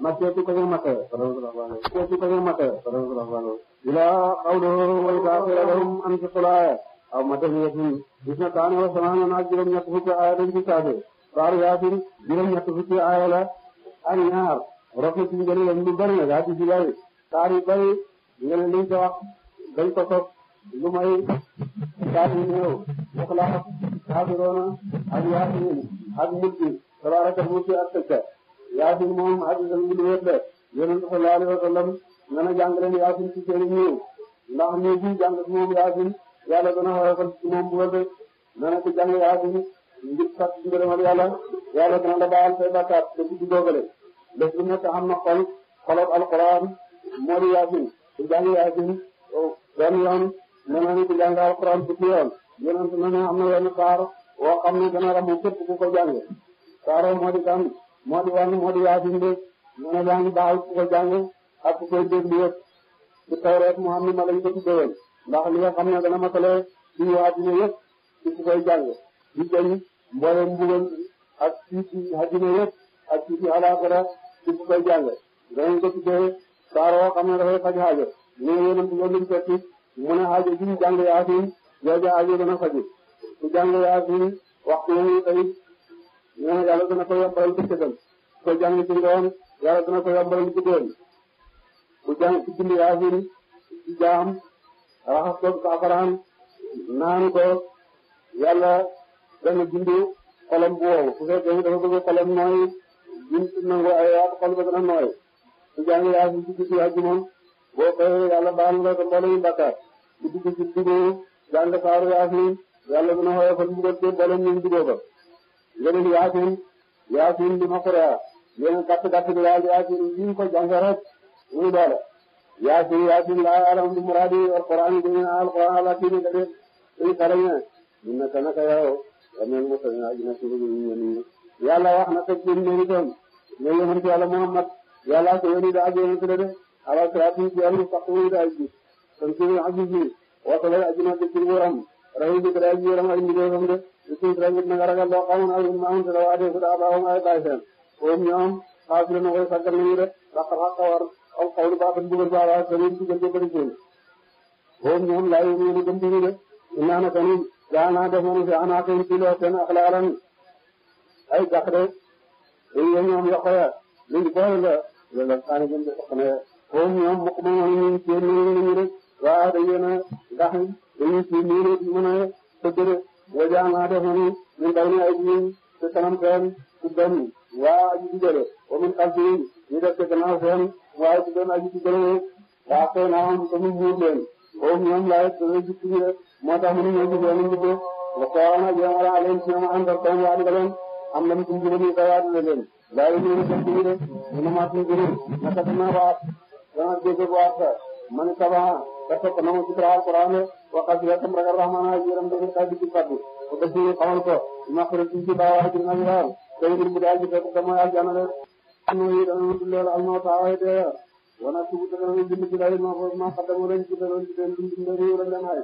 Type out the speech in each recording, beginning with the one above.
مكيت كذا مكة مكيت كذا مكة إلى قوله ويتعفر لهم أنفق الآية أو مدنية إثنتان وثمان ناس جرم يقفك آية بكاته طاريات جرم يقفك آية لا النار رفت جرم يمن برنا ذات جلال طاري بي جرم ليس وقت بي تصف لمعي طاري نيو يخلاق حافظون أبياتين أبياتين تبارك الموسي أرتكت yaasin moom hadiisam bi lu wér la yonent sallallahu alayhi wa sallam nee na jàng leen yaasin ci seen ñëw ndax ñii bi jàng ci moom yaasin yàlla dana xoolal ci moom bu wér de nee na yaasin ngir sax ci ngërëmal yàlla yàlla dana la baal say bakkaat te ci dogale lépp lu nekk na xol xolal alquran moo di yaasin ku jàng yaasin oh, benn yoon nee na ku jàng alquran fukki yoon yonent nee na am na yenn saar woo xam ne ramu képp ku ko jàng saaroo moo di wan moo di yaasin de mu ne yaa ngi baaxul ko jàng ak koy déglu yëpp ci tawreet Muhammad lañ ko tuddee woon ndax li nga xam ne dana matale suñu àddina yëpp ci koy jàng di jëñ mboolem mbugal ak ci ci yëpp ak ci ci alaaxira ci ku koy jàng danañ ko tuddee saar woo a tuddee jàng yaasin jooja aajo dana faju ku jàng yaasin waxtu yi tamit nee na yàlla dana ko yombalal bëccëgam ko jàng ci ngoon yàlla dana ko yombalal guddoon bu jàng ci bind yaasin ci jaam raxas ko saafaraan naan ko yàlla dana bindu xolam bu wow su fekkee dafa bëgg xolam nooy bind nangu ay waat xol ba dana nooy bu jàng yaasin ci guddi àjjuma boo xëyee yàlla baal nga ko mboolem bakkaar bu dugg ci dugub jàng saaru yaasin yàlla dana xoyofal mbugal ci mboolem ñu dugoo ba leneen yaasin yaasin li ma korea leneen gàtt gàtt bi daal ko jànge rek muy doole yaasin laa alam bi muraadi alquran bi na alquran ala tiini la def uy kalañe min na tanaka yaw ameen musani ajina suru bi ñeni yàlla wax na teg bin meri doon ne yonent yàlla muhammad yàlla ko yoni da ak yonent la de ala siraati ci yàlla faqwi da ajji tan suru ajji watale ajina bi ci wuram rawi bi da ajji wuram ay mbidee fam de suuf la nit na nga ragal loo xamoon ay maam te doo adeeku daa baaxoon ay baay seen boobu ñoom xaafi la na koy sàggal nañu de ndax xaxa xawar aw xawlu baax ak dugal baax ak dañuy dugal ba bëri seen boobu ñoom laay ñu ne gëm dinu de inaa na kanum daa naa def moom fi anaa koy ci loo seen ak laalan ay gax de dañu ne ñoom yoxoya luñ boole la loolu la saani gëm de soxna ya boobu ñoom mukk ma moom ñu seen ñu ñu rek waaw dañu ne gax dañu ci ñu mën a tëgg de wajaana defanu min bayni aydihim ci kanam seen ci benn waa aji digale wa min xalfihim ñu def ci gannaaw seen waaye ci benn aji digale waa xëy naa am te mu muur leen foofu ñoom laay dana gis ci moo tax mënu ñoo gis leen ñu ko wa qaana jama ala alayhim ci ñoom àndal tam waa digaleen am lam tum jëlee ñu ko waa dina leen laay ñu ñu ko jëlee ñu ma tum jëlee naka dina waat dana dégg waat man tabaha ka topp na mu waxal bi yaakaar ragal rahmaani ak yéen a ngi koy di ci fàttali ba def ñu xamal ko ñax rek ñu ci baawaay bi nag waaw tey ngir mu daal di fekk te mooy aljana rek. am na yéen a ngi tudd loolu am na taawaay de wana su bu dana bind ci lay ma ma xaddama leen ci dana ci leen bind bind réew rek leen ay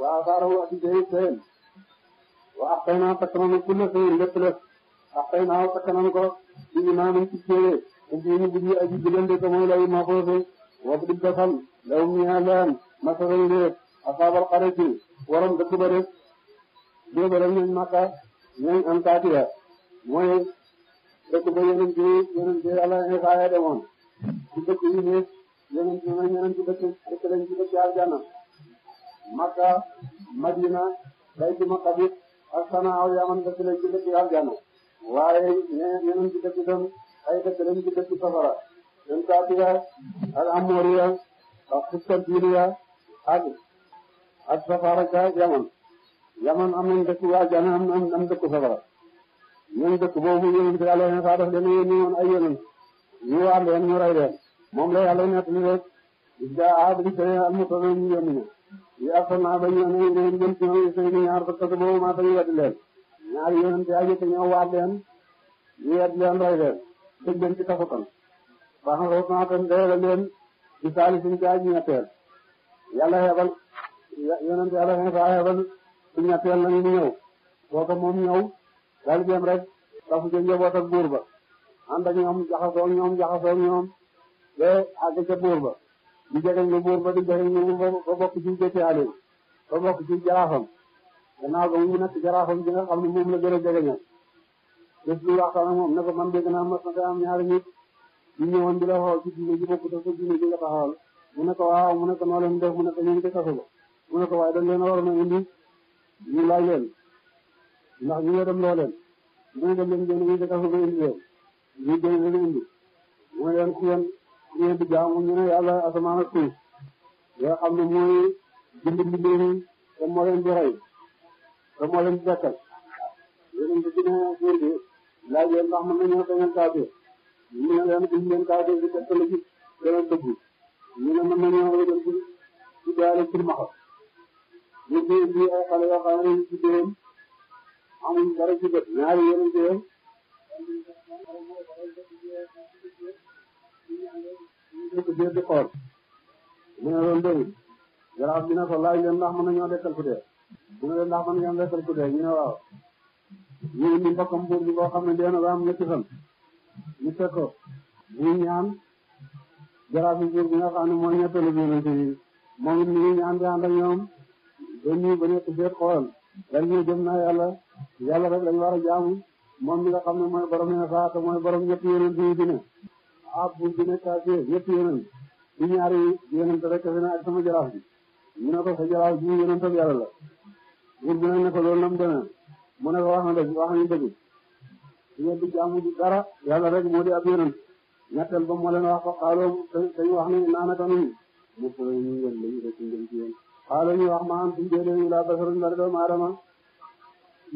waa baaraw ak idée yi seen wa axtay naa takk nañu ku ne seen lépp lépp axtay naa takk nañu ko indi naa nañ ci téere te ñu bu ñu aji jëlante te mooy lay ma foose wax dëgg defal law mi leen masalul léeb asaabal xariti waroon dëkk ba def jóobale ñooñ Makka ñooñ Antakiya mooy dëkk ba yeneen bi yeneen bi Yàlla Isaa ya demoon ci dëkk yi nekk yeneen bi mooy yeneen ci dëkk dëkk ci dëkk aljanna Makka Madina Baytul Yaman dëkk lañ ci dëkk aljanna ci dëkk ay dëkk safara Antakiya al Amoriya ak Qustantiniya ak ak safara ca yaman yaman am nañ dëkk a jana am dëkk safara ñun dëkk boobu yonent bi yàlla saa def leen yónni woon ay yonent ñu waa leen ñu rey leen moom la yàlla nekk li rek ja aad bi sey al mutana ñu yónni ñu yi arsalna ba ñu ne ñu jëm ci ñoom sey ñaar ba tëdd boobu maa tañu wedd leen ñu wedd leen rey leen tëj leen ci kafutan baax na yàlla xeebal yonent yàlla Iisaa xeebal su ñetteel la ñu ñëw kooka moom ñëw daal rek tafu ca njaboot buur ba ànd ak ñoom jaxasoo ñoom jaxasoo ñoom ba àgg ca buur ba di jegeñ lu buur ba di jegeñ lu buur ba ba bokk ci jëtti ba bokk ci jaraafam gannaaw ga mu nekk jaraafam bi nga xam ne moom a ne ko man dégg naa ji bokk ji nga taxawal mu ne ko waaw mu ne ko noo leen mu ne ko ñu ngi ci kaso ne a a indi ñu laaj leen ndax ñu ngi dem loo mu ne dem leen jënd ñu ci kaso ba indi leen ñu jënd ku ngeen ku ngeen di jaamu ñu ne yàlla asamaan ak suuf yoo xam ne mooy bind mbindeef yi te moo leen di rey te moo leen di dekkal yéen a ngi gën a góor gi laaj leen ndax mën nañoo bañ a kaafir ñu ne leen buñ leen kaafir di dekkal ci dana dëgg ñu ne mën nañoo dem ci ci daara Thilmakha ñu ne ci doom amuñ dara ci bët ñaari xool mu ne leen dégg jaraaf bi ko laaj leen ndax mën nañoo dekkal ku ñu ne waaw ñu indi mbokkam buur bi boo xam ne dee na ba am ñetti ñu fekk ko ñu ñaan jaraafu buur bi nga xam ne mooy ñetteelu bi yonent yi moom it mi ngi ñaan di ànd ñoom ba ba nekk seet xool ren ñu jëm na yàlla yàlla rek lañu war a jaamu moom mi nga xam ne mooy borom ne saata mooy borom ñetti ñetti yonent di ñaari yonent rek fi ak sama jaraaf bi ne ko sa jaraaf bi yonent ak bi nag rek moo di ab yonent ñetteel ba moo leen wax ko xaaloo dañu wax ne naanaka ñun moom mooy ñu ngeen lañu def ci ngeen ci yéen xaaloo ñu wax maanaam suñu jëlee ñu laa basaruñ la doomu aadama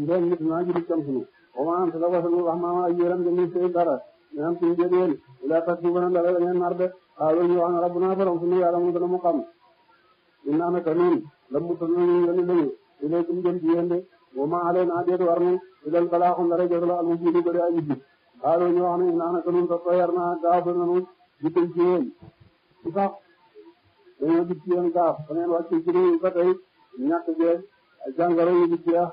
ngeen nit naa ji di cam suñu wa maanaam su la basaruñ wax maanaam ay yéram dañuy sëy dara maanaam suñu jëlee yéen ilaa tas bu bëna dara da ngeen nar de xaaloo ñu wax ne rabbu naa borom suñu yàlla mu dana mu xam ñu naanaka ñun la mu tënnu ñu ngeen lañu ilaa suñu ngeen ci yéen de wa maa alee naa déet war na ilal balaaxum la rajo la al mu jiitu bëri ay ji xaalo ñu wax ne naanaka nun sax tooyar naa gaaf ba nanu di tëj ci yéen su sax dañoo gis ci yéen gaaf da ngeen wàcce ci réew ba tey ñàkk jeex jàngoro yu di jeex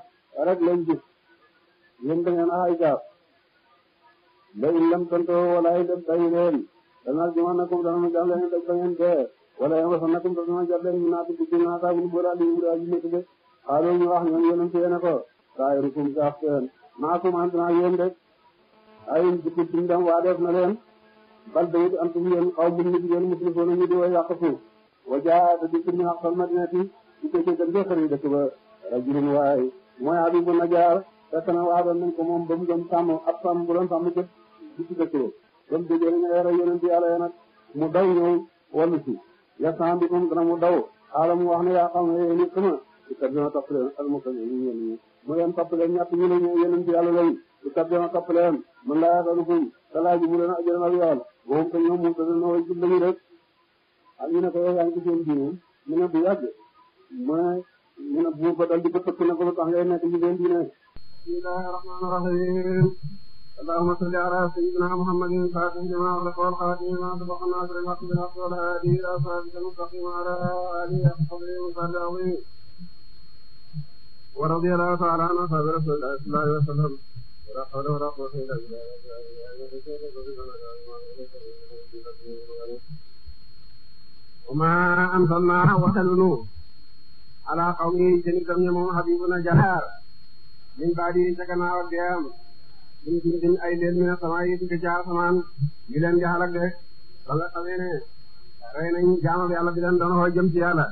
rek lañ gis yéen da ngeen ay gaaf la in lam tantoo walaay def bàyyi leen dana jumanakum dana jàll leen def ba ngeen dee wala yamasanakum dana jàll leen ñu naatu bu gën a saabu bu daal di wura ji nekk de xaalo ñu wax ñoom yéen a ko saa yéen kum gaaf seen naa ko man dinaa yéen rek ayum jikko dundam waa def na leen bal bayit antum yéen xaw mu nit yéen muslifoon ñu di way yàq suuf wa jaa da dikk min aqsal madinati di ko jéggal jëfër yi dëkk ba rajulun waay mooy Habibu Najjaar fekk na waadoon nañ ko moom ba mu doon sàmm ab sàmm bu doon sàmm jëf di ci dëkk ba ba mu déggee nañu yore yonent yàlla ya nag mu daw ñëw wallu si yasaan bi moom dana mu daw xaalam mu wax ne yaa xam ne yéen it sama di kat dina topp leen almukañ yi ñu yéen ñi mu leen topp leen ñett ñu ne yonent yàlla lañ di kat dina topp leen man laa yasalukum talaa ji mu leen ajran ak yool boobu ko ñoom moom dana way jub lañu rek ak ñu ne ko yow yaa ngi ci seen diine mu ne bu yàgg mu ne mu ne buur ba dal di ko tëkk na ko ba tax ngay nekk ci seen diine bismillahi rahmaani rahiim allahumma salli ala sayyidina muhammadin faatihi lima ughliqa wal khaatimi lima sabaqa naasiril haqqi bil haqqi wal haadi ila siraatikal mustaqiim wa ala aalihi haqqa qadrihi wa miqdaarihi al-aziim wa radiyallahu ta'ala an ashaabi rasuulillahi sallallahu alayhi wa sallam وما أنزلنا وتلنو على قومه جنكم يمون حبيبنا جهار من بعده جكنا وقيام من جنكم أي ليل من السماء تجار سمان بلن جهلك ده لله قبينه rey nañ jaamu yàlla bi leen doon xoo jëm ci yàlla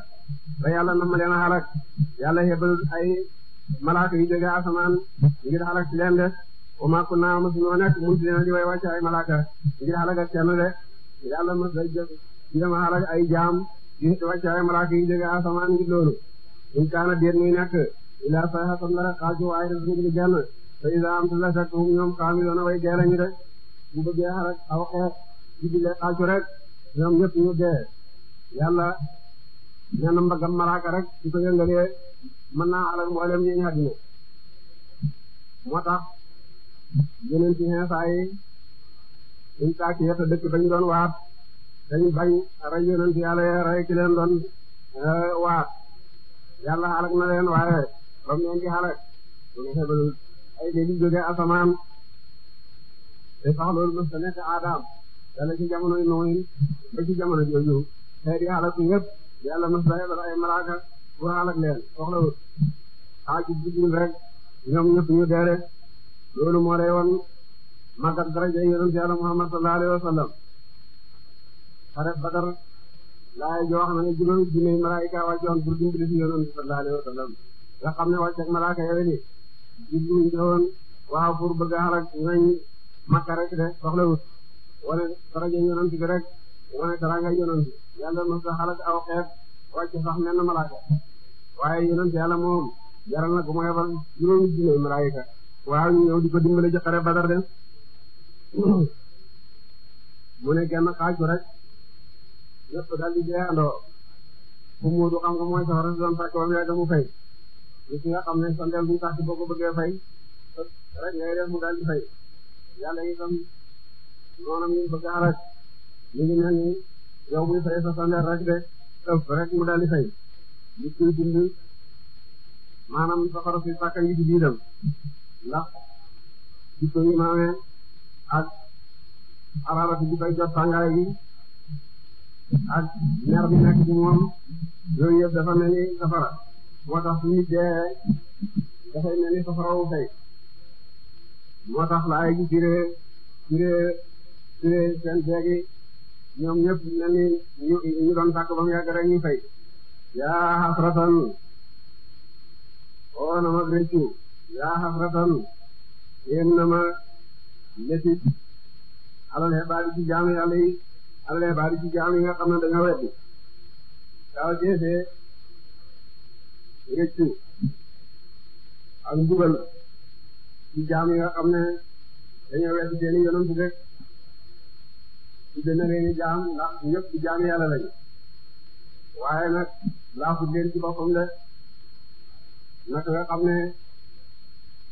ba yàlla na ma leen a xalak yàlla yebal ay malaaka yu jóge asamaan ngir xalak ci leen de wa maa kunnaa mosuñoo nekk mursaliina di way wàcce ay malaaka ngir xalaga kenn de yàlla mos lay jëf ay malaaka yi jóge asamaan ngir loolu in kaana déet muy nekk ilaa sayhatan dara xaaju waaye def ngir genn te idaa am la fekk hum ñoom xaamiluuna way dee lañu de bu bëggee xalag aw xeet di bile rek ñoom ñëpp ñu dee yàlla ñenn mbaggam malaaka rek su ko yëngalee mën naa xalag mboolem ñi ñu àddina moo yeneen ci xeesaa yi suñ sàkk yett dëkk dañu doon waat dañu bañ rey yonent yàlla yee rey ki leen doon eh, waat yàlla xalak na leen waaye bam leen di xalak ñu xebal ay léegi jóge asamaan te sax loolu mës nekk aadaam dala ci jamono nooyin ba ci jamono jooju xëy di xalak ñëpp yàlla mës ta xebal ay malaaka pour xalak leen soxlawut xaaj ci jigul rek ñoom ñëpp ñu dee loolu moo lay won màggat daraja yonent yàlla Muhammad sallallahu wa sallam xare Badar laay joo xam ne juróomi junni malaayika wàccoon pour dimbali si yonent wa sallam nga ne wàcc ak yooyu ni jubluñ ci woon waaw pour bëgg a xarak rek de soxlawut wane daraja yonent bi rek wane taranga yonent yàlla mos a xarak aw xeet wàcc sax menn malaaka waaw ñu ñëw di ko dimbale ci xare Badar de mu ne kenn xaaj rek ñëpp daal di dee andoo bu muudu xam nga mooy safara si doon fàcc wam yàgg mu rek ngay def mu daal di fay yàlla itam noonam ñu bëgg a rek ñu ngi mel mu daal di fay li si fàkka ngi di biidam ndax jikko yi maamee ak xaraara bi koy tàngaay bi ak mer bi nekk ci moom yooyu yëpp safara moo tax su nit dee safara wu fay moo tax la ay gi firé firé firé seen deegi ñoom ñëpp ni ñu ñu doon tàkk ba mu yàgg rek oo na ma yaa xasratan yéen na ma métit alal xebaari ci jaamu yàlla yi alal xebaari ci jaamu yi nga xam ne dañoo weddi daaw jeexee rëccu ak mbugal ci jaamu yi nga xam ne dañoo weddi seen i yonent rek ci dana leen jaam ndax ñëpp di jaamu yàlla lañu waaye nag laafut leen ci boppam de naka nga xam ne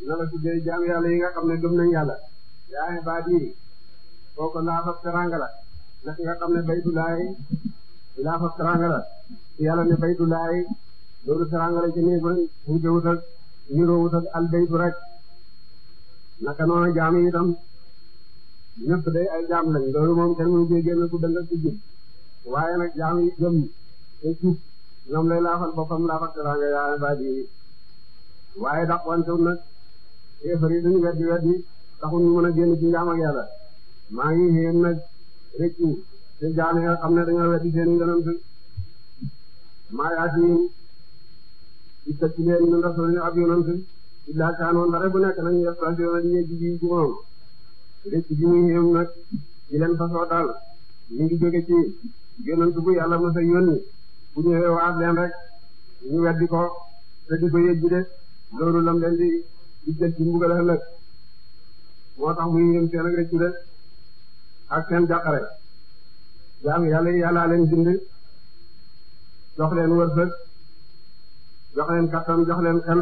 dina la tuddee jaam yi nga xam ne gëm nañ yàlla yaa ibaadi kooku laafab teranga la ndax nga xam ne baytulaay laafab teranga la ne baytulaay loolu teranga ci nii ba wute wut ak niroo al baytu rek naka noonu jaam yi itam ñëpp day ay jaam lañ loolu moom kenn mënu cee génn ku dëng ku jub waaye nag jaam yi gëm te jub ñoom lay laafal boppam laafab teranga yaa ibaadi waaye dàqwante nag yéefar yi dañu weddi weddi taxul ñu mën a génn ci njaam yàlla maa ngi xéen nag rëccu te jaam yi nga xam ne dañoo weddi seen yonent maa yaatihim di tëcc leen min rasulin ab yonent illaa kaanu ndare bu nekk nañu yastasiruna ñee ci jóge ci yonent bu yàlla mos a yónni bu ñëwee waat leen rek ñu weddi ko te ko yëj de loolu lam di di jël ci mbugal ëllëg moo tax muy ngeen seen ak rëccu de ak seen jàqare jaam yàlla yàllaa leen bind jox leen wërsëg jox leen kattan jox leen xel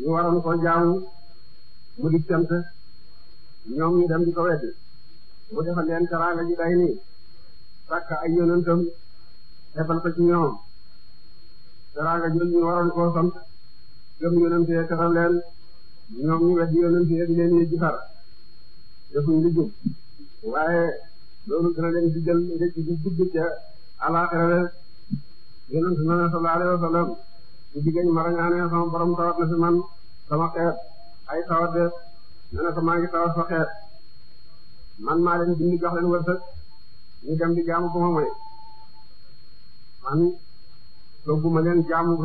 ñu waroon ko jaamu mu di cant ñoom ñu dem di ko weddi mu defal leen teraanga ji day nii sàkk ay yonentam defal ko ci ñoom teraanga jël ñu waroon koo sant gëm yonent yi taxal ñoom ñu weddi yonent yi di leen jub waaye loolu dina leen di jël rek di dugg ca alaxira yonent na sallallahu alayhi xeet ay tawat de ne na maa ngi tawat sa xeet man maa leen bind jox leen wërsëg ñu dem jaamu ko ma moy man sooguma leen jaamu ko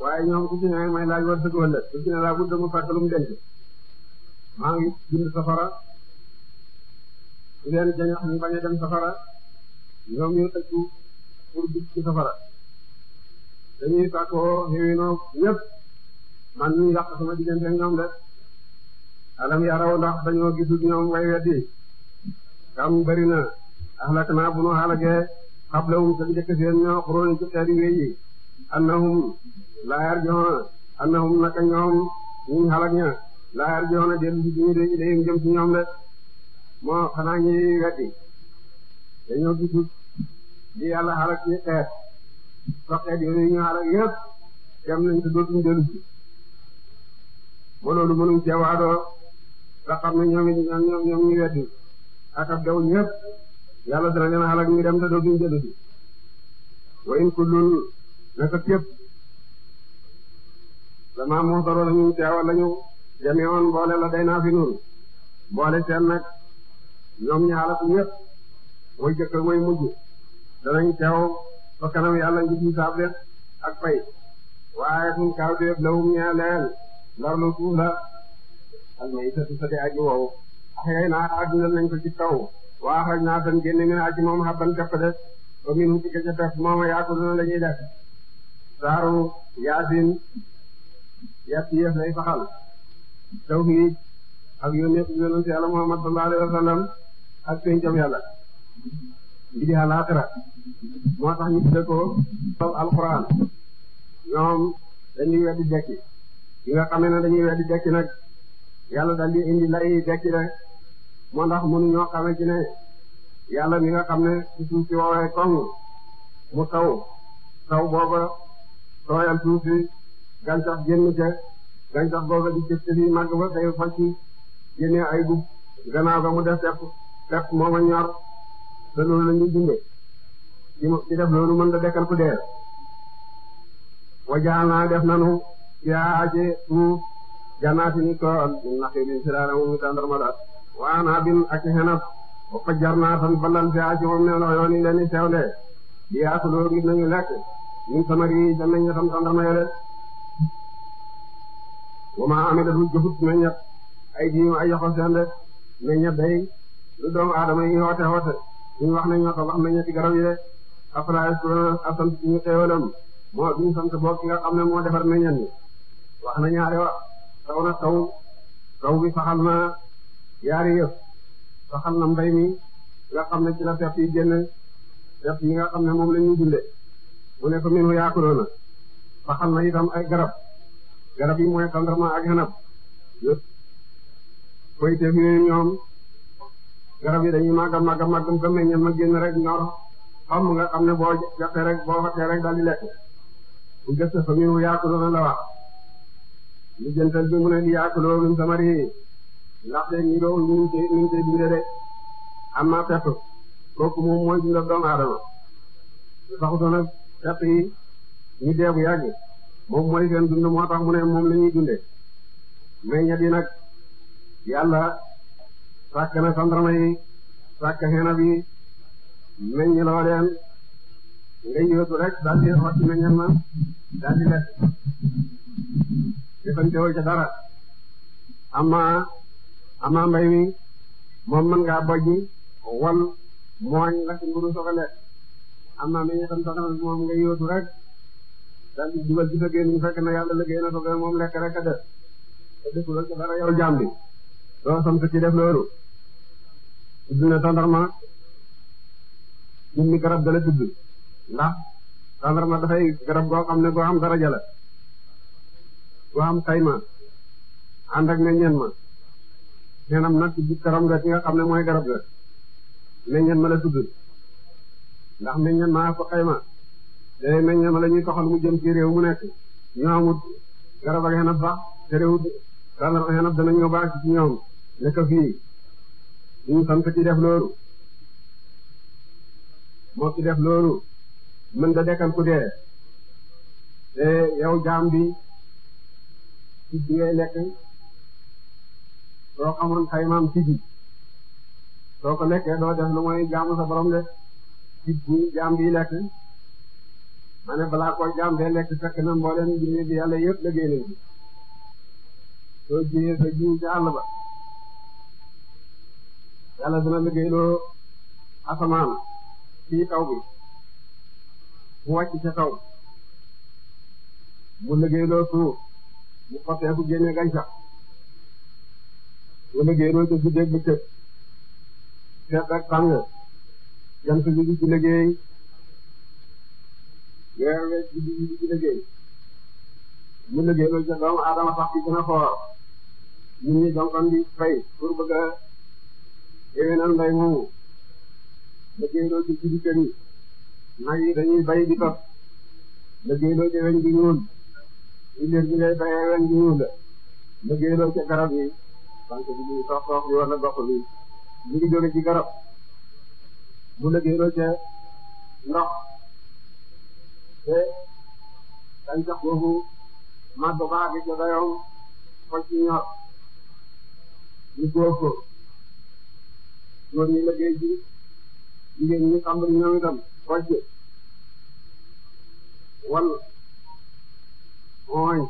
waaye ñoom ku ci ne may laaj war dëgg wala laa bëgg mu fàkk denc maa ngi bind safara di leen jañax ñu a dem safara ñoom ñu tëggu pour dugg ci safara dañuy sàkkoo xéwinoo ñëpp man ñu yàq sama diggante ak ñoom de alam yaraw ndax dañoo gisul ñoom way weddi kam bari na naa bu nu xaalakee xablawum sa njëkk seen ñoo xuróoni ci xeeti wéy yi annahum laajar joxoona annahum naka ñoom ñuñ xalak ña laajar joxoona dellu si duñu de ilayhim jëm ci ñoom de moo xanaa ñuy weddi dañoo gisul li yàlla xalak ci xeet so xeet yooyu ñu xalak yëpp dem nañ te dootuñ dellu si loolu mënuñ cee waadoo nga ñoom it weddi ak ab dawuñ yëpp yàlla dana xalak ñu dem te dootuñ dellu wa in kullun naka képp dama moosaroo lañu teewal lañu jameewoon boole la day naa fi nun boole seen nag ñoom ñaalaku ñëpp mooy jëkk mooy mujj danañ teew fa kanam yàlla ngi hisaab leen ak fay waaye suñ kaaw déeb lawum ñee leen ndarlu suuf la almay sa si sa di aji wow axyay naa addinal nañ ko ci kaw waa xaj naa tan génne min aji moom xabban gapp de ba min hu ci gaca def mooma yaakul na la ñuy def saaru yaasin yàq yéef lay saxal tawhid ak yónne yónent yàlla Muhammad sallallahu alayhi ñoom dañuy weddi dekki yi nga xamee ne dañuy weddi dekki nag yàlla dal di indi lay dekki ne moo ndax mënu ñoo xamee ne yàlla mi nga xam ne ci suuf si woowee koŋ mu booba tooyal suuf gàncax génn ca gàncax googa di def pepp moom a ñor te loolu la ñuy dundee ci ci def loolu mën da dekkal ku dee wajaal naa def nanu yaa ci suuf jannaati ni tool min naxiilin siraara mu tàndarma la waa naa bin ak xenaf wa fajjar naa tan balal fi ci moom ne la yoon yi leen di seewle loolu ngir lekk ñun samari yi nañu tam tàndarma yële wa maa amilatu jëfut meññat ay diim ay yoxo seen day lu doomu adama yi woote woote ñu wax ne na ko wax meññati garab yi de afalaa yaskuruun asant ñu xéewalam moo duñ sant boo ki nga xam ne moo defar meññat ni wax na ñaari wax taw na taw taw bi saxal na yaari yëf saxal na mbay mi nga xam ne ci la pepp yi génn pepp yi nga xam ne moom la ñuy dunde mu ne ko min hu saxal na itam ay garab garab yi mooy tàndarma ak xanab yëpp koy teef yooyu ñoom garab yi dañuy màgg a màgg a màggam ko meññe ma génn rek ñor xam nga xam ne boo jàppee rek boo xatee rek daal di lekk bu gëstu fa mu yaakuloona la wax li jëntal bi mu ne di yaakuloo min samari ndaxte ñi doon ñu ngi ñu ngi dundee de am na pepp kooku moom mooy dundal doomu aadama saxutoon ak pepp yi ñu dee bu yàgg moom mooy seen dund moo tax mu ne moom la ñuy dunde meññat yi nag yàlla sàkk na sandarma yi sàkk xeenab yi meññ loo nga yóotu rek daal di xotti meññat ma daal di lekk defantewoo ca dara ama ama mbay mi moom mën ngaa bojji wal mooñ la ci mburu soog a lekk ama nga yóotu rek daal di dugal ci sa génn bu yàlla liggéey na ko ba moom lekk rek a def te defu la ci dara yow jaam bi doo sant ci def loolu tudd na tàndarma garab gala ndax tàndarma dafay garab goo xam ne goo am daraja la goo am xayma ànd ak ma neenam nag ci garab nga ci nga xam ne mooy garab ga meññeen ma la tudd ndax meññeen ma ko xayma léegi nag ñoom la ñuy toxal mu jëm ci réew mu nekk ñoo amut garab ak xenab te réewut garab ak xenab danañoo baax ci ñoom nekk fii ñu sant ci def loolu moo ci def loolu mën da dekkal ku dee te yow jaam bi ci bi ngay lekk soo xamoon xaymaam ci bi soo ko lekkee doo def lu mooy jaamu sa borom de ci bi jaam bi lekk ma balaa koo jaam de lekk fekk na mbooleem jiw bi yàlla yëpp liggéey nañ ci soo jiwee sa jiw ci àll ba yàlla dina liggéeyloo asamaan ci taw bi mu wàcc ca taw mu liggéeyloo suuf mu xotee bu génne gàncax mu liggéeyloo ca guddeeg bëccëg seet ak tàng jant bi di ci liggéey. weer we guddi gi di liggéey mu liggéey loolu ca doomu aadama sax ci gën a xoor nit ñi donc am di fay pour bëgg a éwénal mbay moomu mu loolu ci guddi kër yi nag dañuy bay di topp liggéey loolu ca weñ gi ñuul i lér gi ngay bayee weñ gi ñuul la liggéey loolu ca garab yi parce que bi sox sox bi wala gox bi ñu ngi jóge ci garab mu liggéey loolu ca ndox te gàncax googu màgg ba àgg ca dayoo xool ci ñor ñu góob ko góor ñi liggéey ji jigéen ñi xam ne ñoom itam xool ci wal mooy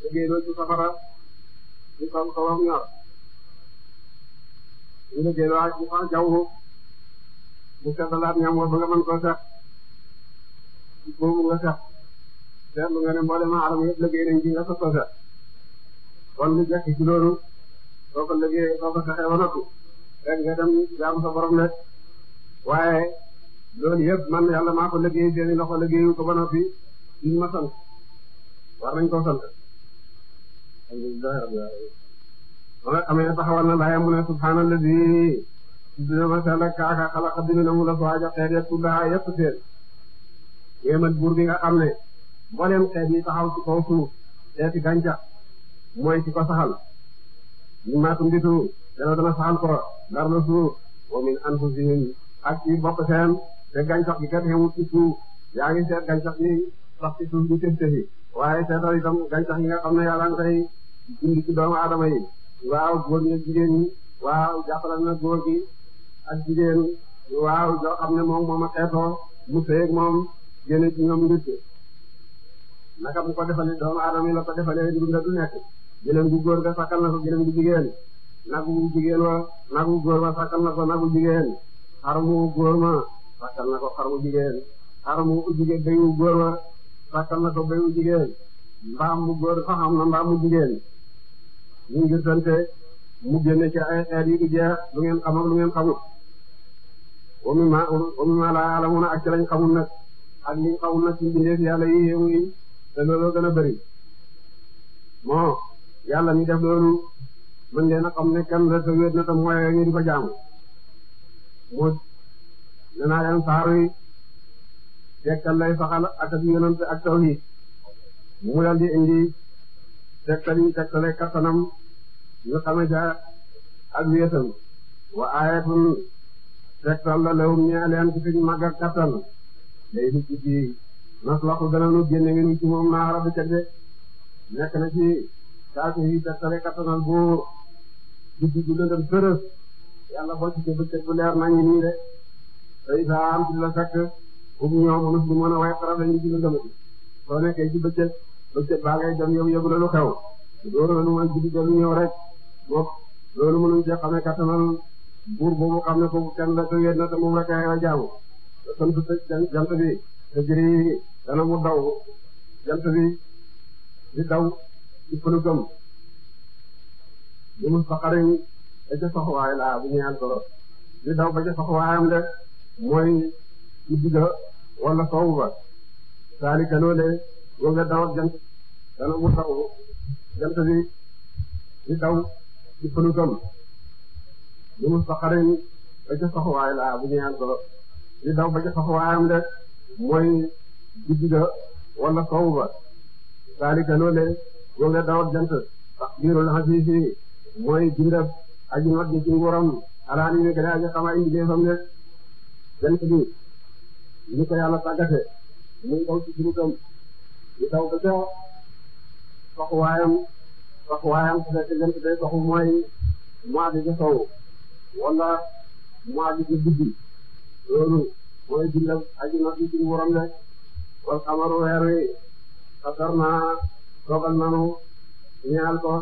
liggéey doon ci safara ñu xam ko ñor ñu liggéey doon ci sax jaww bu seetalaat ñam ba nga mën koo seet. moom nga sax seetlu nga ne mboolema arab yëpp liggéey nañ ci nga sax sax kon lu jekk ci soo ko liggéey soo ko saxee ba noppi rek nga dem jaamu sa borom nag waaye loolu yëpp man yàlla maa ko liggéey seeni loxo liggéeyu ko ba noppi ñu ma sant war nañ koo sant alhamdulilah rabbil alamin wala amee taxawal na laaya mu ne subhaanalladi dina ma sell mu la soo aja xeet yëpp kullaha yëpp seen yéemal buur bi nga xam ne mboolem xeet yi taxaw ci kaw suuf xeeti gàncax mooy ci ko saxal ñu maatum bitu dana dana saxal ko ndar la suuf wa min gàncax gi kat xewut ci suuf yaa ngi seet gàncax gi sax ci suuf ñu tëf tëfi waaye seetal itam gàncax gi nga xam ne yàlla nga koy dindi ci doomu aadama yi waaw góor ñi jigéen waaw jàppalal na góor gi ak jigéen waaw joo xam ne moom moom a xeetoo mu sëyeeg moom génne ci ñoom ngir naka bu ko defalee doomu aadama yi la ko defalee dunda du nekk jëleen gu góor ga sakkal na ko jëleen gu jigéen nagu wa nagu na ko nagu jigéen xarmu góor ma sakkal na ko xarmu jigéen xarmu jigéen béyu góor ma sakkal na ko béyu jigéen mbaam bu góor sax na mbaam mu jigéen ñu ngir sante mu génne ci ay xeet yi du jeex lu ngeen xam ak lu ngeen xamut wa la ya'lamuna ak ci lañ xamul ak li xamul na ci yàlla yi yéemu yi te looloo gën a bëri moo yàlla mi def loolu mën leen a xam ne kenn la te wéet na tam mooy ngeen di ko jaamu moo nee naa leen saaru yi tekkal lay saxal ak ak yonent ak tawhid mu dal indi tekkal yi tekkale kattanam ñu xame ca ak wéetam wa aayatun tekkal la lewum ñee leen ci suñu màgg ak kattan day di ci biir nas laqu dana nu génne minu ci moom naa rabi teg de nekk na ci saako yi tegtale kattanal boo guddi gu lëndëm sërës yàlla boo ci ci bu leer nañu nii de tey saa am ci la fekk mën a way xarala ñu ci lëndëmati soo nekkee ci bëccëg baa ngay dem yow yëgu la lu xew loolu la nu mooy guddi dellu ñëw rek bopp loolu mënuñ cee xamee kattanal buur boobu xam ne foofu kenn la te wéet na te moom rek ay la sant jant bi te jëri mu daw jant bi di daw ci pëlugam li mu saxariñ ba ca saxuwaay laa bu ñaan solo di daw ba ca saxuwaayam de mooy ci digga wala sowu ba loole wo nga daw jant dana mu daw jant bi di daw ci pëlugam li mu saxariñ ba ca saxuwaay laa bu ñaan solo di daw ba ca soxwaayam de mooy guddi ga wala sow ba saalika loole ñoo daw ak jant tax biirul mooy bindab aji not ji ci nguuram alaani aji xamaa indi defam de jant bi ñu ko yàlla tàggate muy daw ci jurutam di daw ba ca soxwaayam soxwaayam su fekk jant day soxu mooy mois de ca sow wala mois de ca guddi loolu mooy dundal aji not ci suñu borom wal xamaru weer wi naa dogal nanu ñaal ko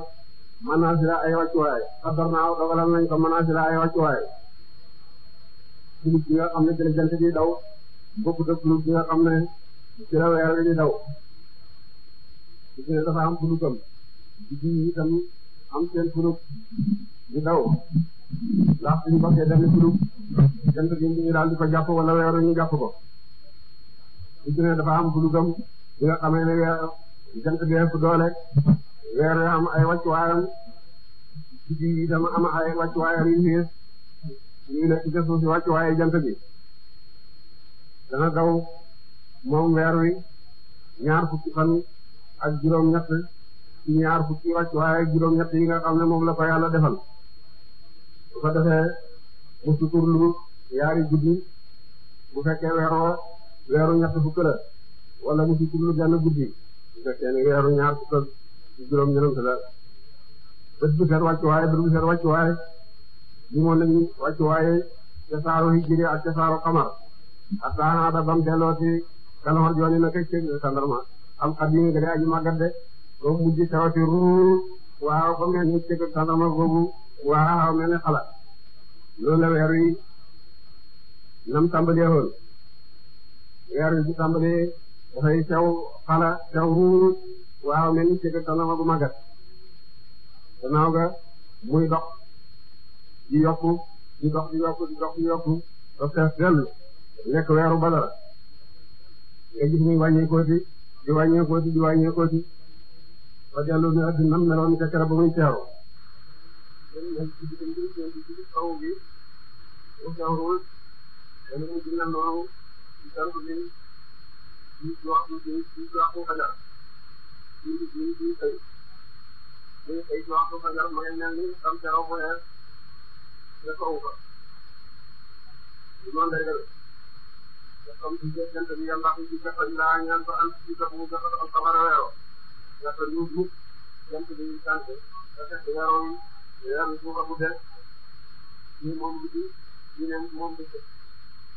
manasira ay wàccuwaay xasar naa dogalal nañ ko manasira ay wàccuwaay flug bi nga xam ne jële jant bi daw bokkut ak flug bi nga xam ne ci la am flugam jigéen itam am seen flug di daw ndax suñu jant bi ñu daal di ko jàpp wala weer ñu jàpp ko li ci ne dafa am bulugam bi nga xamee ne weer jant bi ëpp doole weer wi am ay yi am ay wàccuwaayam yu xiis yu nekk ci suuf si wàccuwaayu jant bi dana daw moom weer wi juróom-ñett yi nga xam ne moom la ko yàlla defal bu ko defee mu suturlu yaari guddi bu fekkee weeroo weeru ñett fukk la wala mu ci benn guddi bu fekkee ne weeru ñaar fukk ak juróom-ñeent la bët bu seet wàccuwaay bët bu seet wàccuwaay li moom lañu wàccuwaay ca hijri ak ca saaru xamar ak delloo ci kalawar jooni na kay cëg sandarma am xadim ga de aji màggat de boobu mujj sawati ruur waaw fa mel ni cëg sandarma boobu waaw mel xala loolu la nam tàmbalee woon weer wi bu tàmbalee dafay sew xala sew ruuru waaw mel ni ci gannaaw bu màggat gannaaw muy dox di yokku di dox di yokku di dox di yokku ba fees dell nekk weeru badara nga gis muy wàññeekooti di wàññeekooti di wàññeekooti ba dellu ni ak nam meloon ca ba muy teew kaw bi ruur dañu mujj na noonu ci sant bi ci wax ci ci waxu fajar ci ci ci tey ci tey ci waxu fajar mooy mel ni sam teew bu weer nga sowu ko ci noonu lay demee nga xam ci jant bi yàlla ko ci jafe laa ñaan ko am ci jafe mu jafe am xabar weeroo nga ko ñu bu jant bi tànk nga fekk weeroo weer bu ko bu dee ni moom bi di ñu ne moom bi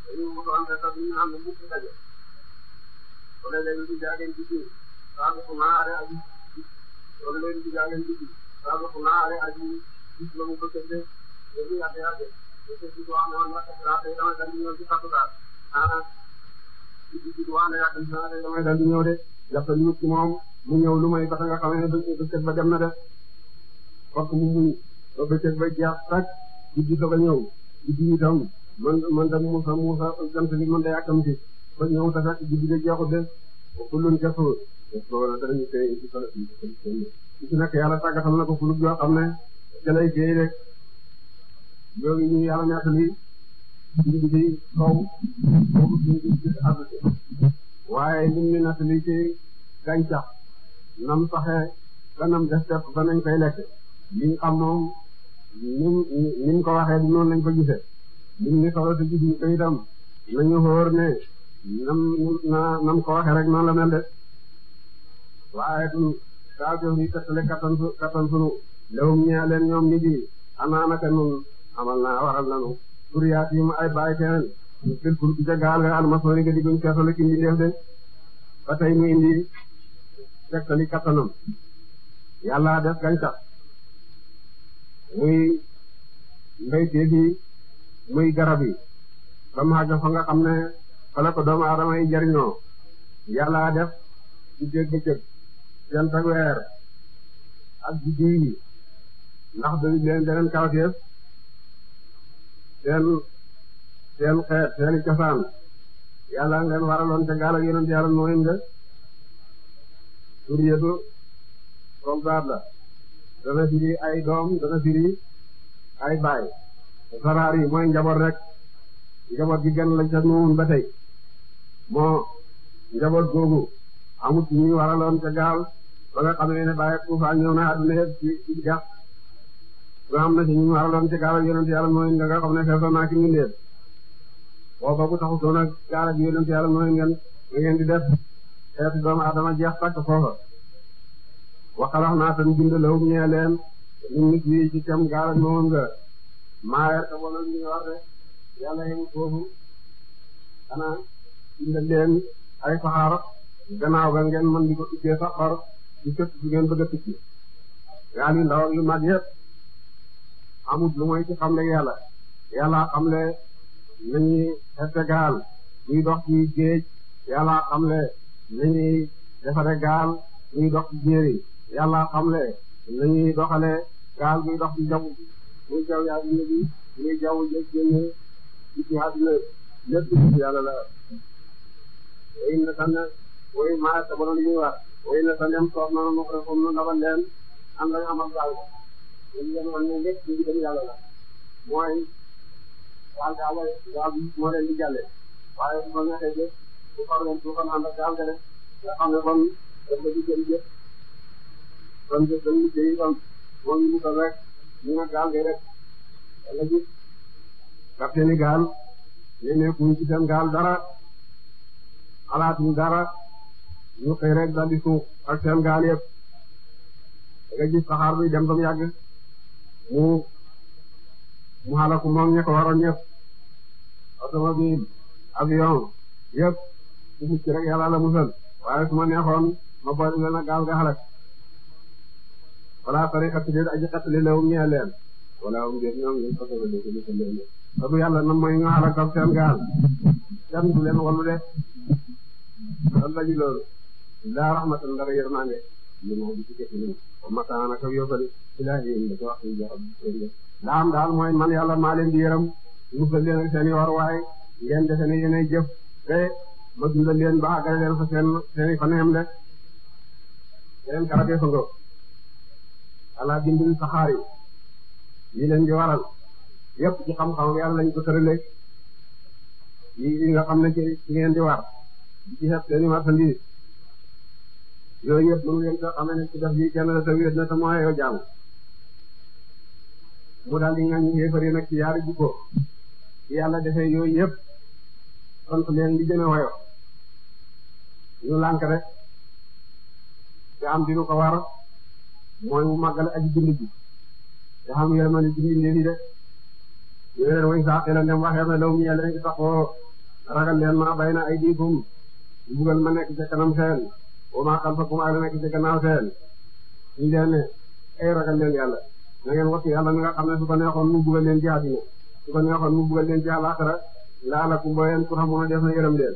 dañuy wutoon te sax ñu xam ne ñëpp daje wala leen di jaagen di kii saabu xumaare ak wala leen di jaagen di kii saabu xumaare ak gis la mu bëggante yëpp yàgg yàgg yëpp si boo xam ne man laa tey di ñëw si kàttu daal maanaam si si de yàq nit mu ñëw lu may ba nga xamee ne ba dem na de fokk mu muñ ba ba jeex rek guddi doog a ñëw guddi itam man man tam Moussa Moussa jant bi man day àkkamti ba ñëw sax ak ji bi de jeexut de kullun ca suuf loolu danañu koy ci kala ci ci nag yàlla tàggatal na ko fulub yoo xam ne ca lay waaye lim ñu natt lii ci gàncax nam saxee ba nam def tepp ba nañ koy lekk liñ xam moom ni ni ko waxee noonu lañ ko gisee. lim ni soxla si guddi te itam nañu xóor ne nam na waxe rek noonu la mel de waaye tun saa jox ni tëttale kattan su kattan sunu lewum ñee ñoom nit yi anaanaka nun amal naa waral nanu turiyaat yi mu ay baay keneen mu fil ful bi ca gaal nga almasoori nga digguñ feesale ki mbi def de ba tey mu indi tegtali kattanam yàlla def gañ sax muy mbay muy garab yi ba mu àgg fa nga xam ne fa la ko doomu aadama yi jariñoo yàlla def di dégg bëccëg seen tag weer ak di diw yi ndax dañu leen beneen kawteef seen seen xeet seeni cosaan yàlla ngeen waraloon te gaal ak yonent yàlla nooyin nga suryetu la dana firi ay doom dana firi ay baay saraar yi mooy njaboot rek njaboot gi gën lañ ca nuun ba tey moo njaboot googu amut ñi waraloon ca gaal ba nga xamee ne bàyyi tuufaa ñëw na àdduna yëpp ci ci nga am na ci ñu waraloon ca gaal ak yonent yàlla mooy nga nga xam ne feesoon naa ki mbindeef booba bu taxutoon ak gaal ak yonent yàlla mooy ngeen ngeen di def xeetu adama jeex takk foofa waxalax naa tan bind lawum ñee leen ñu nit yi ci cam gaal ak nga maa weer ka boole ñu wax rek yàlla yemu xanaa indil leen ay saxaar gannaaw ga ngeen mën di ko tuddee saxaar di kët di ngeen bëgg a tukki gaal yu ndaw ak yu mag yëpp amut lu mooy ci xamle yàlla yàlla xamle nañuy xette gaal ñuy dox ci géej yàlla xamle nañuy defare gaal ñuy nañuy doxale gaal ñuy dox ci jaww muy jaww yaa ngi nekk muy jaww jëf génne ci ci àdduna lépp yàlla la. way na tànn way maa tabaroon li ñuy wax way na tànneem soof na ma ko comme nu ndabal leen am lañu amal daal dañu leen wan ne lépp lu dem yàlla la mooy daal daal daal moo leen di jàlle waaye bu ko neexee jëf bu ko leen bu ko ànd ak daal nga def nga xam ne kon dafa di jëm jëf kon jëf dañu liggéey kon moom ñu ko rek ñu ne gaal ngay def wala gis ba seeni gaal ñu nekkuñ ci seen gaal dara xalaatuñ dara ñu xëy rek daal di suux ak seen gaal yëpp da nga gis saxaar bi dem ba mu mu mu xalaku moom ñi ko waroon ñëpp automobile avion yëpp su mucc rek yàlla la musal waaye su ma ma boole leen gaal ga xalak wala tariqa ci déet aji wala um déet ñoom ñun fasaba yàlla mooy ñu xalakal seen gaal kenn du leen de lan la ji rahmatan ndara yërmande li moo di ci kesi nin a mataanaka yóbbal ilaahi da ko wax ci joxab daal mooy man yàlla maa leen di yërëm musal leen ak seen i war waaye ngeen ba àggale leen fa de yeneen karate fa ala bindin saxaar yi yi leen di ko tëralee yi nga xam ne ci ci ngeen di war di ci xet seeni marchandise yooyu yëpp yi kenn na ci yaari jikko yàlla defee yooyu yëpp sant leen li gën a woyo ñu lànk rek nga am ko war mooy mu màggale aji bind ji nga xam ne yërmande ji nii nii de yooyu leen way saa xelam dem waxee na law mi yàlla ngi taxoo ragal leen maa bay na ay diikum mbugal ma nekk ca kanam seen wa maa xalfakum ak la nekk ca gannaaw seen ñu leen ne ay ragal leen yàlla na ngeen wattu yàlla mi nga xam ne su ko neexoon mu mbugal leen ci àddina su ko neexoon mu mbugal leen ci àllaaxira laalakum boo yeen ku xamoon a def na yërëm a xeex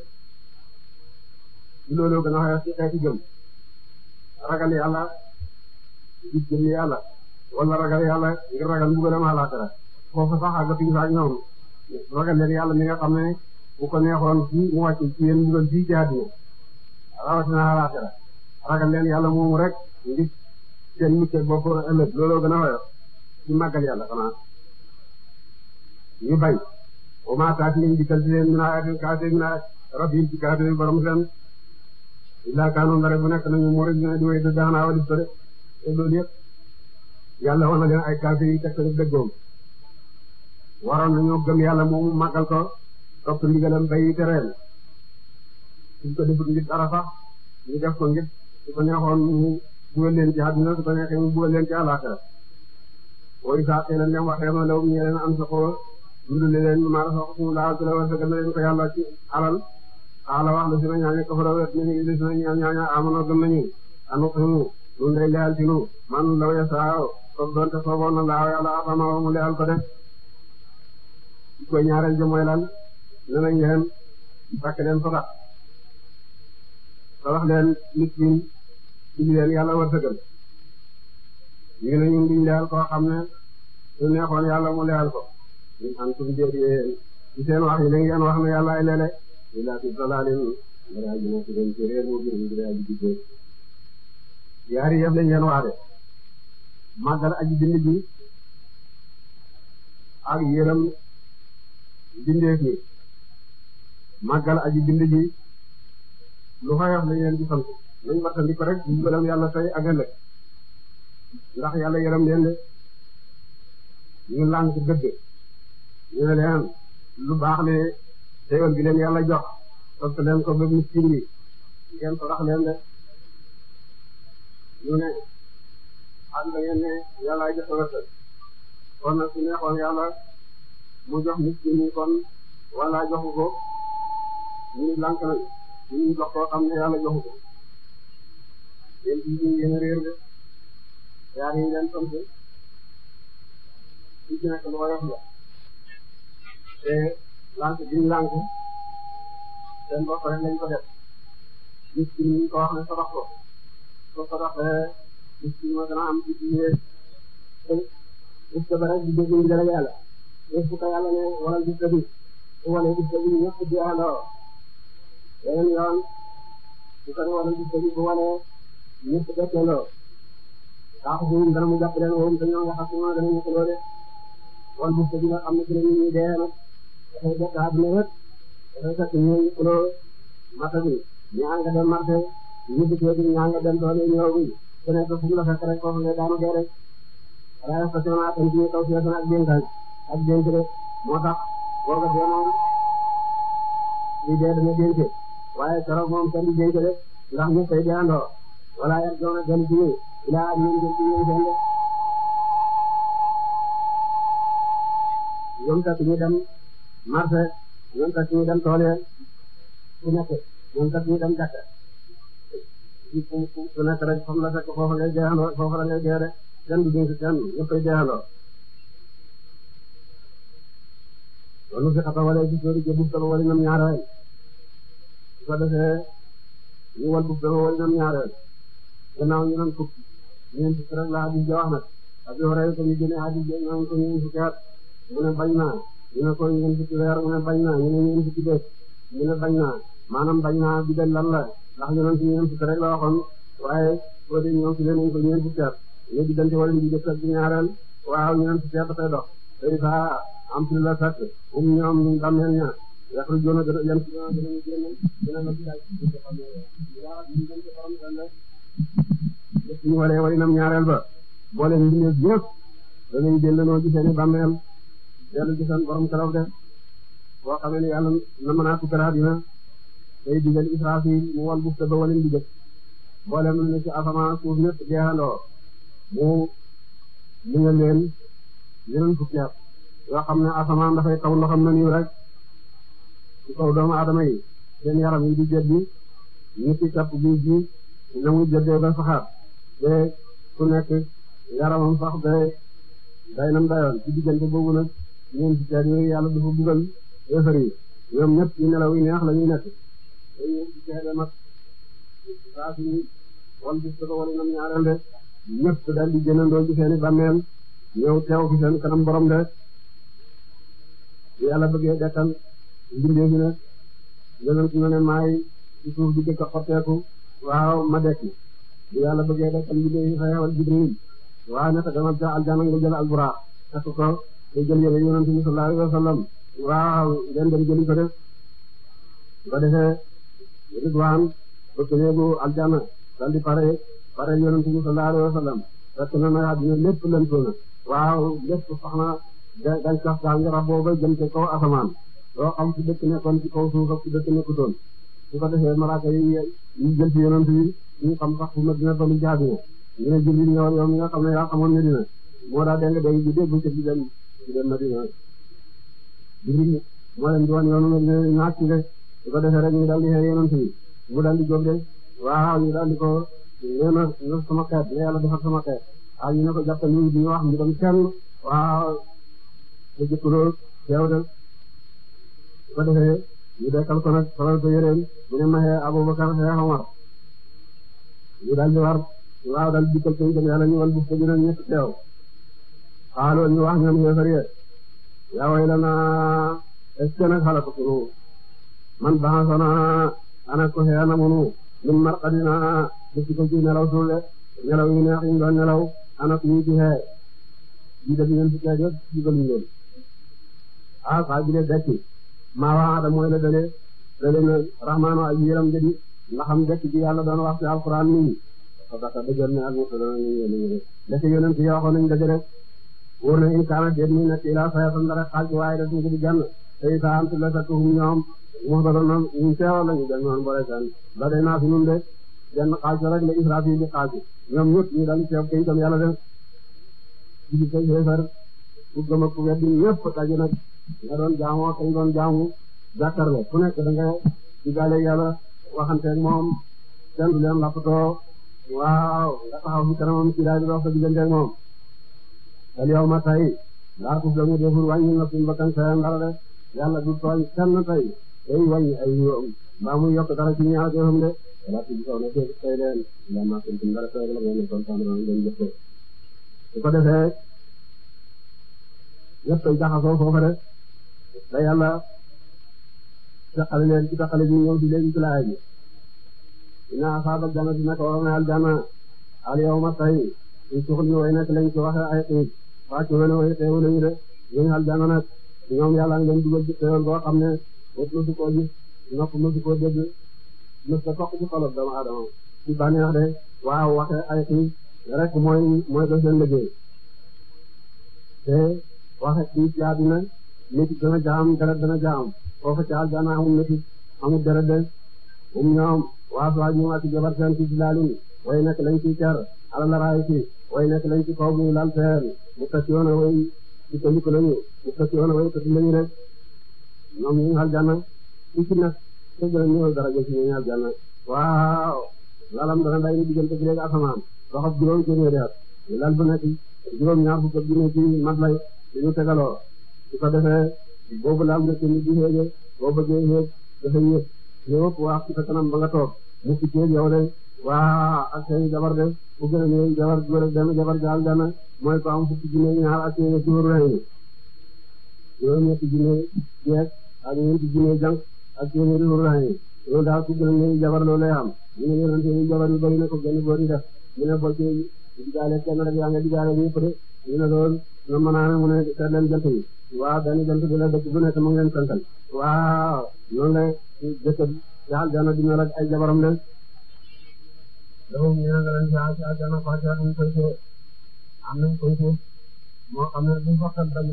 ci xeeti ragal yàlla di jëm yàlla wala ragal yàlla ngir ragal mbugalam àllaaxira foofu sax àggatuñ sax ñoom ragal leen yàlla mi nga xam ne bu ko neexoon fii mu wàcc ci yéen mbugal fii jaadina rawatina àllaaxira ragal leen yàlla moomu rek ngir seen mucc ak bopp ëllëg looloo gën a woyof ci màggal yàlla xanaa ñu bañ au moins daal di leen dikkal ci leen dinaa kaase dinaa rab yi ci kaase borom seen illaa kaanu ndare bu nekk nañu mu rek ñu di wéy daanaa wala di te loolu yëpp yàlla woon na leen ay kàddu yu teg ko dëggoom waroon nañoo gëm yàlla moomu màggal ko topp ndigalam bayi tereel suñ ko defut ngir dara sax ñu ngir su ko neexoon mu bugal leen ci àdduna su ko neexee mu bugal leen ci àllaaxira woy saa xëy na dem waxee ma law ñu leen am sa xoo dundale leen maa la soxla suñu laal la wërsëgal leen ko yàlla si ma ñaañu ko fa ñu ngi des na ñaañu amoon na gëm nañu ànd ak ñun day leyal ci nu man law ya saa soog doon te soogoon na laaw yàlla afama mu leyal ko def ci koy ñaareel ji lan ne nañ leen fàkk leen sodax sodax leen miskin indi leen yàlla wërsëgal ñu ne ñun duñ leyal koo xam ne su neexoon yàlla mu leyal ko ñun an tum jéeryéen ci wax yi da ngeen wax ne yàlla ay lele i laa fi dalalin ngara ji na si den ci réer mu bir bi yaari yëf lañ leen waare màggal aji bind bi ak yërëm bindeef yi màggal aji bind bi lu xayaf lañ leen di sant nañ mattandi ko rek mbugalam yàlla tey ak ëllëg ndax yàlla yërëm leen de ñu lànk dëgg ñu ne leen lu baax le teyoon bi leen yàlla jox topp leen ko ba miskin yi ngeen torax leen de ñu ne xam nga ngeen ne yàlla ay joxe wërsëg kon nag su neexoon yàlla mu jox miskin yi kon wala joxu ko ñu lank nañ ñu jox koo xam ne yàlla joxu ko yéen fii ñu yéen réer de yaa ngi leen sant fii ci nekk lu woyof la te lank bi ñu lank seen bopp rek lañ ko def miskin yi ñu ko wax ne sabax ko ko saraxee miskin ma dana am ci diine gis nga ba rek di dégg njëriñ yàlla gis nga yàlla ne waral gis nga bi wala gis nga bi ñëpp di àndoo beneen yoon ko waral nga bi mu dana mu leen woon te ñoom wax ak ñoom dana ñu ko doole nga xam ne ci la ñuy dee nag dafay dëkk àdduna yëpp dafay fekk ñoom ñu ko doole mata ñu ngi gis ñaan nga dem doole ñëwaguñ su nekk fu mu la dee rek waaye nag fasoo naa tamit ñu taw si ak dénk ak dénk rek moo tax war nga dee moom li dee dana waaye keroog moom kenn du dénk rek ndax ñu koy deeandoo wala yàgg doon na dellu ci dem marché dem tool dem gàtt. ci ku nekk rek fam la fekk foofa ngay jeexandoo foofa la ngay kenn du dégg kenn ñëpp ay jeexandoo loolu fi xata ja buf tama wala ñoom ñaareel su ko defee ñu wal buf tama wala ñoom ñaareel gannaaw ñu doon fukk ñeen fukk rek la hadis ja wax nag abi horay ko ñu jëne hadis ja ñoom ko ñeen fukki at mu ne bañ naa ñu ne ko ñeen fukki weer mu ne bañ naa ñu ne bañ naa bi de lan ndax yonent ñeen fukk rek la waxoon waaye boo dee ñoom si leen ñu ko ñeen fukk at ñu diggante wala ñu jëkk ak ñaareel waaw ñeen fukk at dafay dox tey fa am fi la sat um ñoom ñu bàmmeel ña yàqu joona gën a yan dinañu génn dina la bilaay waaw ñu gën ci borom dana ñu walee way nam ñaareel ba boole mbindeef yëpp danañ génnanoo ci seeni bàmmeel dellu ci seen borom karaw de boo xamee ne yàlla na mën a tukkaraat dina day digal Israfil mu wal buf te ba walin di jëkk mboolem lu ne ci asamaan suuf ñëpp jeexandoo mu digal leen yeneen fukki at yoo xam ne asamaan dafay taw ndoxam na niw rek ci kaw doomu aadama yi seen yaram yi di jëddi ñetti capp bi ji na muy jëddee ba saxaat te ku nekk yaramam sax ba day nam dayoon ci diggante boobu nag ñeen ci teer yooyu yàlla dafa buggal yéefar yi ñoom ñëpp ñu nelaw yi neex la ñuy nekk seede mag saa si wal bis dafa bëggee dekkal mbindee fi waaw ma dekki yàlla bëggee demal ca aljana nga jël alburaax takk ko jël yére yonent bi sallallahu wa sallam waaw ngeen dem jëli ko def ba defee ridwaan ba feeñeegu aljanna dal di pare pare yonent bi sallallahu alayhi wa sallam fekk na nag lépp lépp lëntoona waa lépp sax na gàncax gaa ngi raboo ba jëm ci kaw asamaan loo xam ci dëkk nekkoon ci kaw suuf ak ci dëkk nekkutoon su ko defee malaaka yi ñu jël ci yonent bi ñu xam sax fu Madina ba mu jaabi ñu ne Jibril ñëwal yow mi nga xam ne yaa xamoon Madina moo daa dégg day bu dégg ci di dem di dem di wan yoonu Madina ñaat ci rek su ko defee rek ñu daal di xëy yonent yi mu daal di jóg de waaw ñu daal di ko nee na na sama xeet na yàlla defal sama xeet waaw ñu ne ko jàppal ñu di wax mu dem kenn waaw te jëkkuloo teew de su ko defee ñu dekkal ko nag solal ko yëreem mu ñu daal di war waaw ko itam yàlla a wax ñoom yéefar ya yaa way naa est-ce que nag xalaat man baaxoona ana ko xëy na munu min marqadina dëkk ko ci nelaw i de nelaw yu neex yi doon nelaw ana ko ñu ci xëy di def ngeen fi caajëf ci galuñ leen ah de dekk maa waa Adam mooy la dale dale na rahmaanu ak yéram jadi xam dekk ji yàlla doon wax ci alquran nii sadaka dëggal ne ak mu tëdd nañu yéen lekk yonent yi waxoon nañu dëgg rek wóor na in kaana déet muy nekk ilaa sayatan dara xaaj waaye def ñu di jànn te itam la takk hum ñoom mu ba na ñu teewal lañu dem noonu boole seen la day naa fi ñun de benn xaaj rek la israfil di xaaj ñoom ñëpp ñu daal teew kay itam yàlla def jibi kay xeefar ku gëm ak ku weddi ñëpp daje nag nga doon jaamoo kañ doon jaamu jàkkar la ku nekk da nga diggaale yàlla waxanteeg moom kenn du leen lappatoo waaw nga taxaw fi kanamam ci daal di dox sa digganteeg moom al yow ma tay laa tuf la mu deful wàññil na suñu bakkan sayan dara de yàlla du tooñ kenn tay day wàññi ay yoom mbaa muy yokk dara ci ñaar yoom de wala ci soxna si tey leen la ma ko dum dara ko la ngeen ko tan ron ngeen jëf ko su ko defee ñëpp ay jaxasoo foofa da yàlla taxale leen way nekk lañ ci waxe ay xiib waa ci way xeewu lañu de ñu al jana nag ñoom yàlla ngi leen dugal ci xeewal boo ne bët mësu koo gis nopp mësu koo dégg mës ta toq ci xolof doomu aadama ci bànneex de waaw waxe ay xiif rek mooy mooy def seen liggéey te waxe xiif ci àddina nit dana jaam deret dana jaam foofu ci àjjana amul nit amul deret de um ñoom waa soo ñu ak jabar seen ci dilaalin way nekk lañ ci cer ala la raay ci way nekk lañ ci kaw muy lal seen mu tasiyoona way ci tënk lañu mu tasiyoona way tëdd lañu rek ñoom ñu ngi aljanna ku ci nekk te jël ñu daraja ci ñu aljanna waaw lalam dana day diggante bi léegi asamaan doxab juróom téeméeri at lal bu nekk juróom ñaar fukk ak junne ci mat lay ñu tegaloo su ko defee boobu laam nga kenn di xéege boo bëggee xéeg dafa yëg ñëpp wax ci sa kanam ba nga toog mu ci ceeg yow de waa ak seen jabar de bu gën a ñëw jabar benn jabar ji aljanna mooy ko am fukki junne ñaar ak téeméer juróom-ñetti junne jeex ak ñeenti junne jànq ak téeméeri hurna yi loolu daal ku a jabar loolu lay am ñu ne yonente jabar yu bari na ko gën góor ñi def a ne boo digaale kenn rek yaa nga digaale ñëpp de ñu a mu ne seet leen jant yi waaw benn jant bi la dëkk bu nekk mu ngi leen santal waaw loolu la dëkk bi daal dana dina rek ay jabaram de loolu ñu ne nga leen saa saa koy am moo xam ne duñ fàqal bañ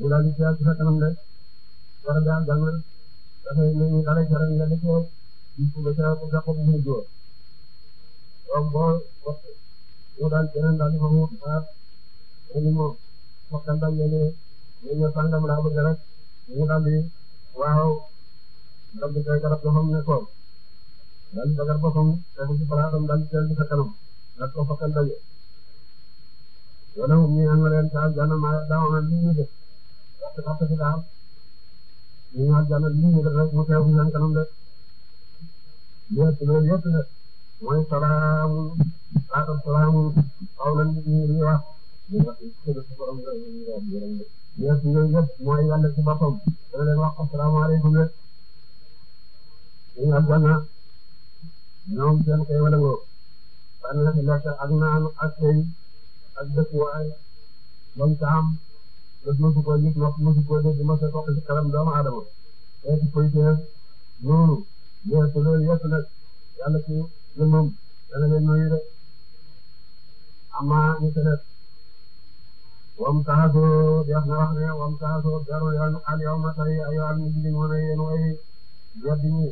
ñu daal di siyaat ci sa kanam rek war a daal jàngal dafay mel ni dara jaral nga def yow di ko bëccëg ak nga ko mën góor donc boo ñu daal beneen daal di fa mu xaar indi moom waxtaan daal léeg-léeg ñu ñëw sàngam laa bëgg rek ñu daal di waaw daal di koy garab yoo xam ne koom daal di bagar boppam te bu ci faraatam daal di teel di sa kanam daal ko fakkan daje wala ñu ñaan leen daal jànn maa daawoon li ñu def te sax si dara ñu ñëwaat jàllale li ñu def rek mu teew ñu naan kanam de lépp loolu yëpp de mooy salaamu alaykum salaamu xaw nañ ñu ñu wax ñu wax ci suñu borom la ñu wax lépp yooyu yëpp mooy yàlla ci boppam dana leen wax asalaamaaleykum de ñu ñëwaat jàllale ñoom seen kay wala ngoo xanaa si lekk ak naan ak sey ak dëkkuwaay loolu ca am. bés mosu koo gis mosu koo dégg mos a toq ci kanam doomu aadama xeeti policiers loolu ñëwee loolu yëpp nag yàlla ci lëmbam dana leen nuyu de amaa ñu ci def wam taasoo deex na wax ne wam taasoo beru yoonu al yow ma tari ay yoon ñu jigéen wane yéen way weddi ñi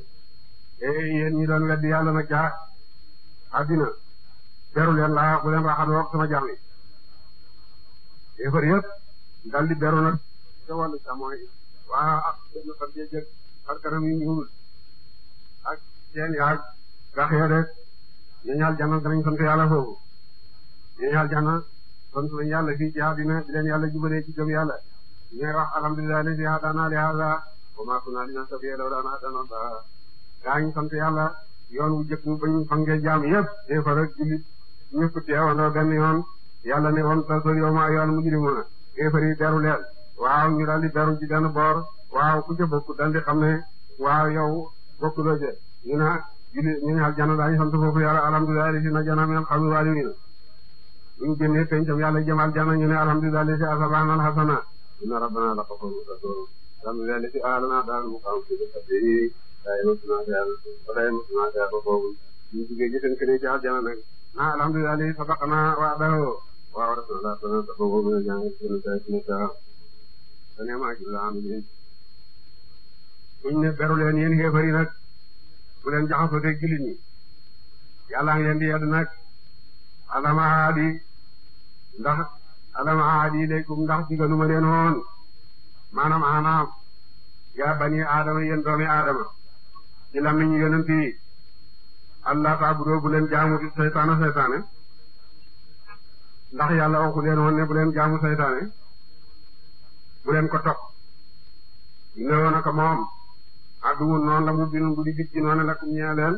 ee yéen ñi doon weddi yàlla nag jaa addina beru leen laa bu leen raxaloo sama jàmm yi yëpp daldi beru nag ca wàllu càmmooñ waa ak seen xar cee jëkk ak seen yaag gax ya de ñooñu aljanna danañ yàlla foofu ñooñu aljanna sant yàlla fii ci àddina di yàlla jubalee ci gëm wax alhamdulilah lazi hadaana li haaza wa maa kunnaa linahtadiya lawlaa an hadaana Allah yàlla yoon wu jëkk ba ñu jaam yëpp des fois rek jullit ñëpp teewandoo benn yoon yàlla ne woon tasol yow maa yoon mujrimuna kéefar yi beru leen waaw ñu daal di beru ci benn boor waaw ku ca bokk daal di xam ne waaw yow bokk loo je ñu ne julli ñu ne aljana daañu sant foofu yàlla alhamdulilah li si na jana min xawmi waalimiina buñu génnee pencam yàlla jëm aljana ñu ne alhamdulilah li si asabana alhasana inna rabbana la xaforu sakoru alhamdulilah li si alana daal mu xam fi sabi day mosuna yàlla wala mosuna yàlla foofu ñu jugee ci seen këlee ci aljana nag ah alhamdulilah li sabaqana wa dawo waaw Rasulullah sallallahu alayhi wa sallam boobu jàng seen saa si saa te ne maa jublu am leen buñ ne beru leen yéen xeefar nag bu leen jaxasoo tey jullit ñi yàlla ngi leen di yedd nag alama aadi ndax alama aadi ilaykum ndax digaluma leen woon maanaam anaam yaa bani aadama yéen doomi aadama ci lamiñ yonent yi allah taabu doo bu leen jaamu di seytaane seytaane ndax yàlla waxu leen woon ne bu leen jaamu saytaane bu leen ko topp ne woon la mu binun bu di dig ji noonu la ku ñee leen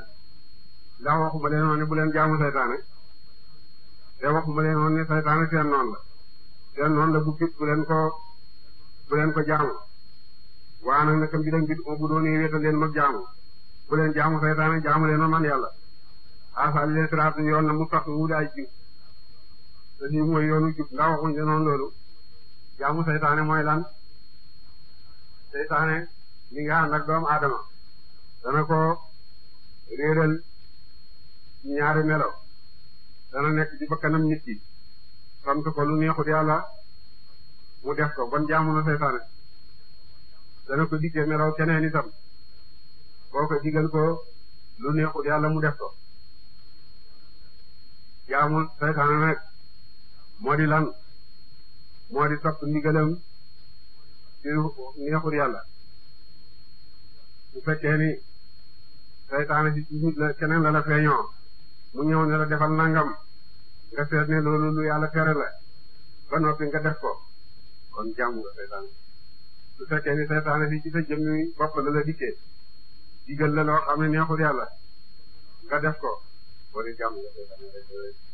ndax waxuma leen woon ne bu leen jaamu saytaane te waxuma leen woon ne saytaane seen noonu la seen noonu la bu fit bu leen ko bu leen ko jaamu waa nag naka mbiram bit bu doonee wéetal leen mag jaamu bu leen jaamu saytaane jaamu leen man yàlla asaali leen siraat yoon na mu sax mu wut te lii mooy yoonu jub ndax waxuñ la noonu loolu jaamu seytaane mooy lan seytaane li nga ànd ak doomu aadama dana ko réeral ñaari melo dana nekk ci bakkanam nit ki sant ko lu neexut yàlla mu def ko bon jaamu na seytaane dana ko diggee melaw keneen itam boo ko digal ko lu neexut yàlla mu def ko jaamu seytaane nag moo di lan moo di topp ndigalam ci neexul yàlla bu fekkee ni saytaane ci nit la keneen la feeñoo mu ñëw ne la defal nangam nga seet ne loolu lu yàlla tere la ba noppi nga def ko kon jàmm nga saytaane su fekkee ni saytaane si ci sa jëmmi bopp la la dikkee digal la loo xam ne neexul yàlla nga def ko boo jàmm nga saytaane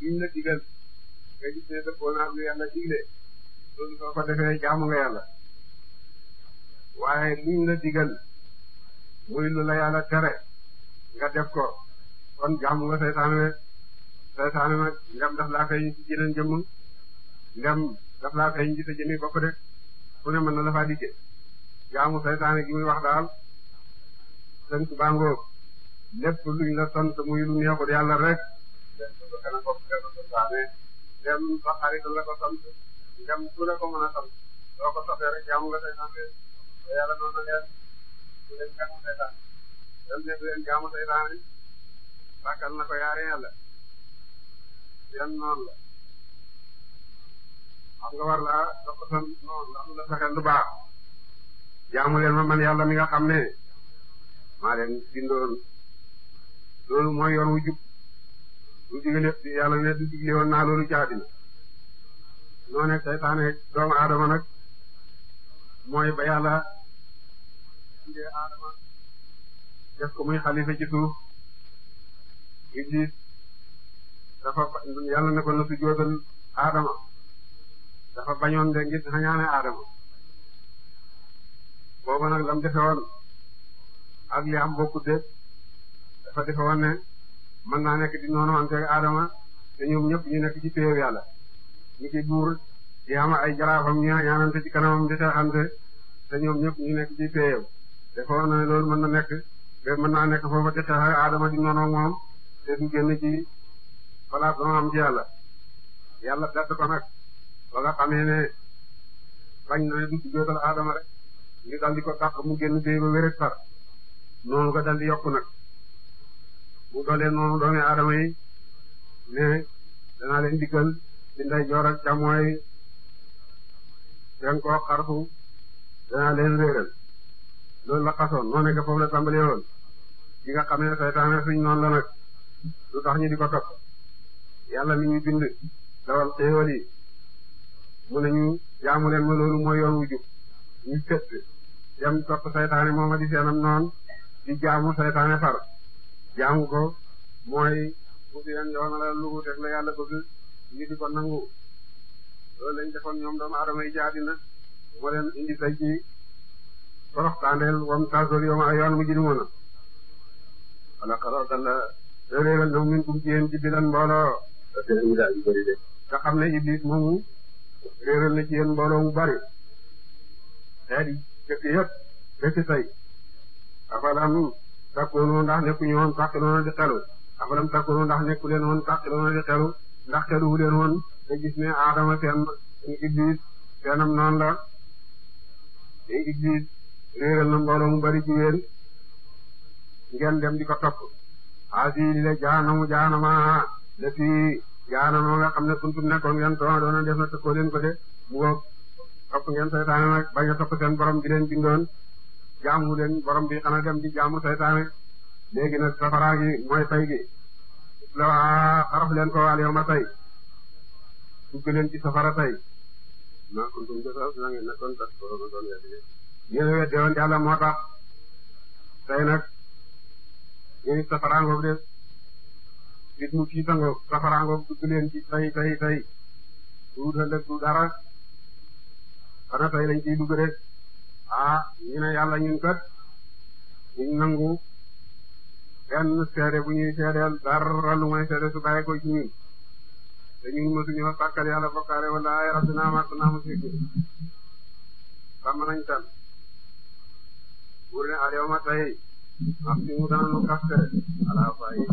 liñ la digal nga gis ne dëppoo na lu yàlla digle loolu soo ko defee jaamu nga yàlla waaye liñ la digal muy lu la yàlla tere nga def ko kon jaamu nga seytaane rek nag ngam daf laa feeñ ci jëleen jëmm ngam daf laa feeñ ci sa jëmi bopp fu ne mën na la faa dikkee jaamu seytaane gi muy wax daal sant bàngoo lépp luñ la sant muy lu neexul yàlla rek dem tudd jaamu nga seytaan de na ko yaare yàlla yan noonu la xam nga war laa doo la la lu baax jaamu leen ma man yàlla mi nga xam ne maa leen bindoon loolu mooy yoon wu jub du digle yàlla ne du digle woon naa loolu ci àddina noo doomu aadama nag mooy ba yàlla def ko muy xalifa ci suuf iblis dafa yàlla ne ko na su joodal dafa bañoon de ngir xañaane aadama booba nag lam defe woon ak li dafa defe woon mën naa nekk di noonu wante Adama te ñoom ñëpp ñu nekk ci péew yàlla ñu ci buur di am ay jaraafam ñu ñaanante ci kanamam di seexante te ñoom ñëpp ñu nekk ci péew te foo na loolu mën na nekk ba mën naa nekk foofa te seex Adama di noonu moom te du génn ci place ba am ci yàlla yàlla bett ko nag ba xamee ne bañ na du jóotal Adama rek ñu dal ko dàq mu génn péew ba wéret far noonu ko dal di nag wutoo leen moomu doomi aadama yi ne danaa leen diggal ci ndeyjoor ak càmmooy fenkoo xarfu danaa leen réeral loolu la xasoon noo nekk foofu la tàmbalee woon yi nga xam ne saytaane suñ noonu la nag lu tax ñu di ko topp yàlla mi ñu bind dawal xéewal yi mu ne ñu jaamu ma loolu mooy yoon wu jub ñu fett dem topp saytaane mooma di seenam noon di jaamu saytaane far jaamu ko mooy bu fi leen yoonalal lu la yàlla bëgg ñu di ko nangu loolu lañ defoon ñoom doomu aadama yi jaadi na moo leen indi tey ci toroxtaandeel wam taasol yow ma yoon mu jëriñoo na. wala xaroo dana réeral na min kum ci yéen ci bilan mbooloo. parce xam ne Iblis moomu réeral na ci yéen mbooloo mu bari. xeet yi dëkk yëpp dëkk tey afalam takkoonu ndax nekkuñu woon taqiloona di xelu afalam takkoonu ndax nekku leen woon taqiloona xelu ndax xeluwu leen woon te gis ne aadama seen iblis seenam noonu la iblis réeral na mbooloo mu bari jigéen ngeen dem di ko topp asi li la jaanamu jaanama a pi xam ne kuntum nekkoon ngeen too doona def na tëkkoo leen ko de mu ngoog topp ngeen saytaane nag bañ a di leen bindoon jaamu leen borom bi xana dem di jaamu seytaane léegi nag safaraa gi mooy fay gi la waa leen ko waal ma tey dugg leen ci safara tey na ngeen nekkoon tas borom safara ngoog de nit mu tiita safara ngoog dugg leen ci tey tey tey du dara xana tey lañ ciy dugg rek ah ñu ne yàlla ñun kat nangu benn seede bu ñuy seedeel dara lu may seede su bàyyi ko ci ñun te ñun mosuñoo sàkkal yàlla bokkaare wala ay rabbinaa matunaa musrikiin sàmm nañ tan buur ne alyawma tey max si mu dana nu kaste ala bàyyi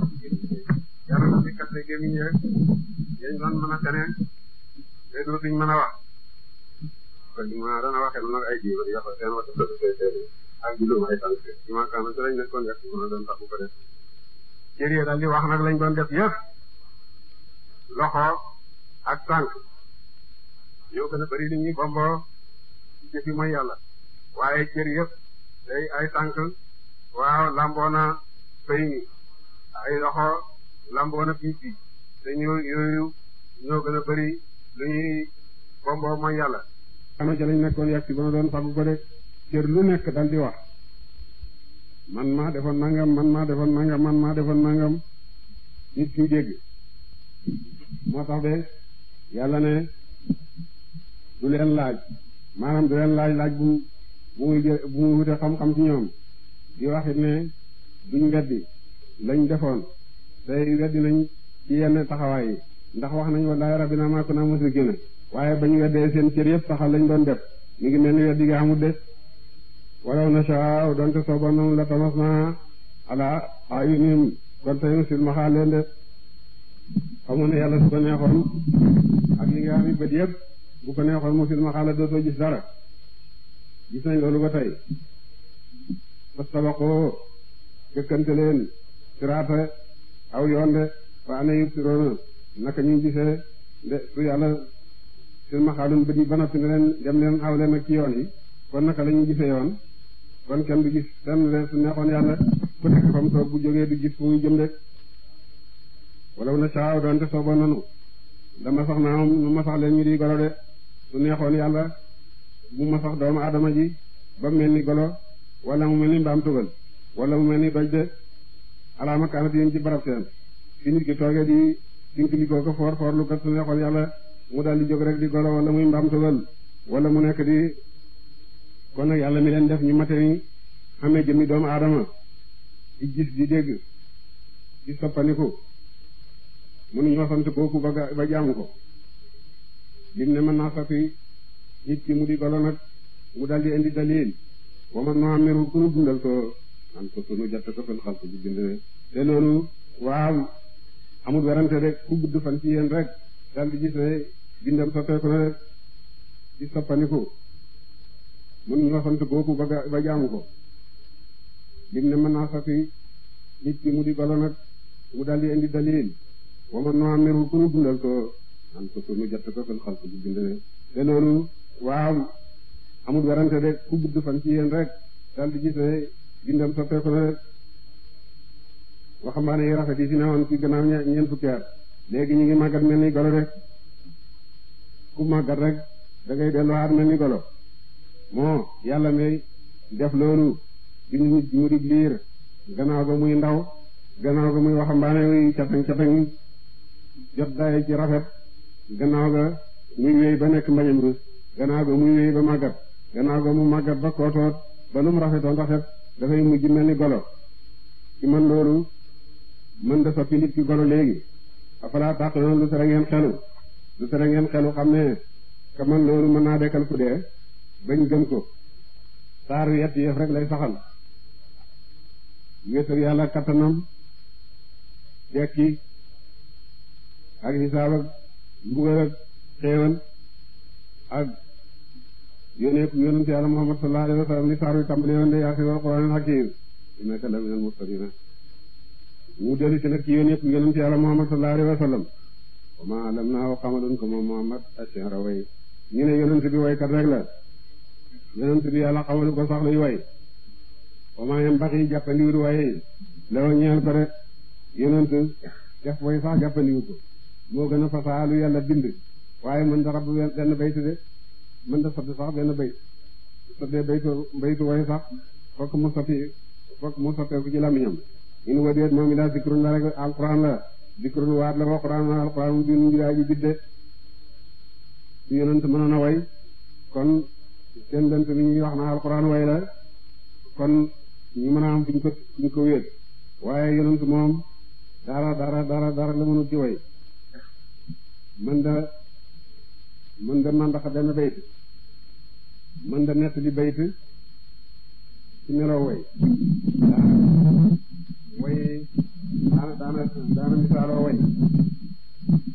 yàlla si kaste gémmiñ rek yañ doon mën a tene te dootuñ mën a kon li ma lañ doon def cër yi daal di wax nag lañ doon def yëpp loxo ak tànk ñoo gën a bëri li ñuy bomboo ci jëfi mooy yàlla waaye cër yëpp day ay tànk waaw lamboo na fay ay loxo lamboo na fii te ñu yooyu gën a bëri lu ñuy bomboo mooy xanaa ca nekkoon yàgg si ba doon fagu ko de lu nekk dal di wax maa defoon nangam man maa defoon nangam man maa defoon nangam nit ki jégg moo tax de yàlla ne du leen laaj maanaam du leen laaj laaj bu bu muy bu muy xam-xam ci ñoom di waxit ne duñ weddi lañ defoon tey weddi nañ ci yenn taxawaay yi ndax wax nañ wallahi rabbina maa kunna musrikina waaye bañ weddee seen cër yëpp saxal lañ doon def mi ngi mel ni weddi gi amul de walaw nashaa donte sooban noonu la tamas na ala ayunim gonte yu silmaxaa leen de xamoon ne yàlla su ko neexoon ak li nga am yi bët yëpp bu ko neexoon mu silmaxaa la dootoo gis dara gis nañ loolu ba tey ba sabaqoo jëkkante leen siraata aw yoon de fa ana yubsiroona naka ñu gisee de su yàlla seen maxaalun bë di ba noppi ne leen aw leen ak yoon yi kon naka la ñu gisee yoon kon kenn gis fenn leen su neexoon yàlla ku bu jógee du gis fu muy jëm rek wala na caaw doonte sooboon nanu ma sax ñu di golo de neexoon yàlla bu ma doomu aadama ji ba mel ni golo wala mu mel ni mbaam tugal wala mu mel ni doj de alaama kaanat yéen ci barab seen fi nit ki toogee di dinklikoo ko foor foor su neexoon yàlla mu daal di jóg rek di goro wala muy mbaamtugal wala mu nekk di kon nag yàlla mi leen def ñu mate ni amee jëmmi doomu aadama di gis di dégg di soppandiku mënuñoo sant kooku ba jaamu ko lim ne mën naa soppi nit ki mu di golo nag mu daal di indi dalil waman no amiru ku nu dundal ko an ko sunu jatte ko fen xal ko ji bind te loolu waaw amul werante rek ku gudd fan ci yéen rek daal gis ne bindam soppeeku na rek di soppaniku mën na sant boobu ba ba jaamu ko lim ne mën naa soppi nit ki mu di golo nag mu daldi indi dalil wama nu amiru ku nu ci yéen rek daldi gis ne bindam rafet yi si ne woon ci gannaaw ñeent fukki at léegi ñu ngi màggat mel ni golo de ku màggat rek da delluwaat mel ni golo moo yàlla may def loolu di mu mu di liir gannaaw ba muy ndaw gannaaw ba muy waxambaane muy catañ catañ jot daye ci rafet gannaaw ga muy wéy ba nekk mbañam rus gannaaw ga muy wéy ba màggat gannaaw ga mu màggat ba kootoot ba nu mu rafetoon rafet dafay mujj mel ni golo ci man loolu mën da soppi nit ki golo léegi afalaa tàqloon lu sara xelu lu tere ngeen xelu xam ne ka man loolu mën naa dekkal ku dee bañ gëm ko saaru yett yëf rek lay saxal wéetal yàlla kattanam dekki ak hisaab ak mbugal ak xéewal ak yónnee yónnante yàlla muhammad sallallahu alayhi wa sallam ni saaru tàmbalee woon de si wal qur'aanil hakiim innaka laminal mursaliin mu dellu ci nag ci ma lam naaw xamaloon ko moom Muhammad asiara way ñu ne yonent bi waykat rek la yonent bi yàlla xamalu ko sax luy way wamaayam bat yi jàppandiwut waaye law ñeel ko rek yonent def way sax jàppandiwut ko moo gën a fasaalu yàlla bind waaye mën da rab benn baytu de mën da sotti sax benn bayt sottee baytu baytu way sax fokk mu sotti fokk mu sottee ku ci làmmiñam in wa déet moom i laa zikrun la rek alquran la dikrul waat la ko xuraan al xuraan bi ñu ji bidde ci yonent mënoon a way kon seen lënt bi ñuy wax na al way la kon ñu mën a am fuñ ko fuñ ko wéet waaye yonent moom dara dara dara dara la mënut ci way mën da mën da mandaxa benn bayt mën da nett li bayt ci melaw way way daana daana daana misaaloo way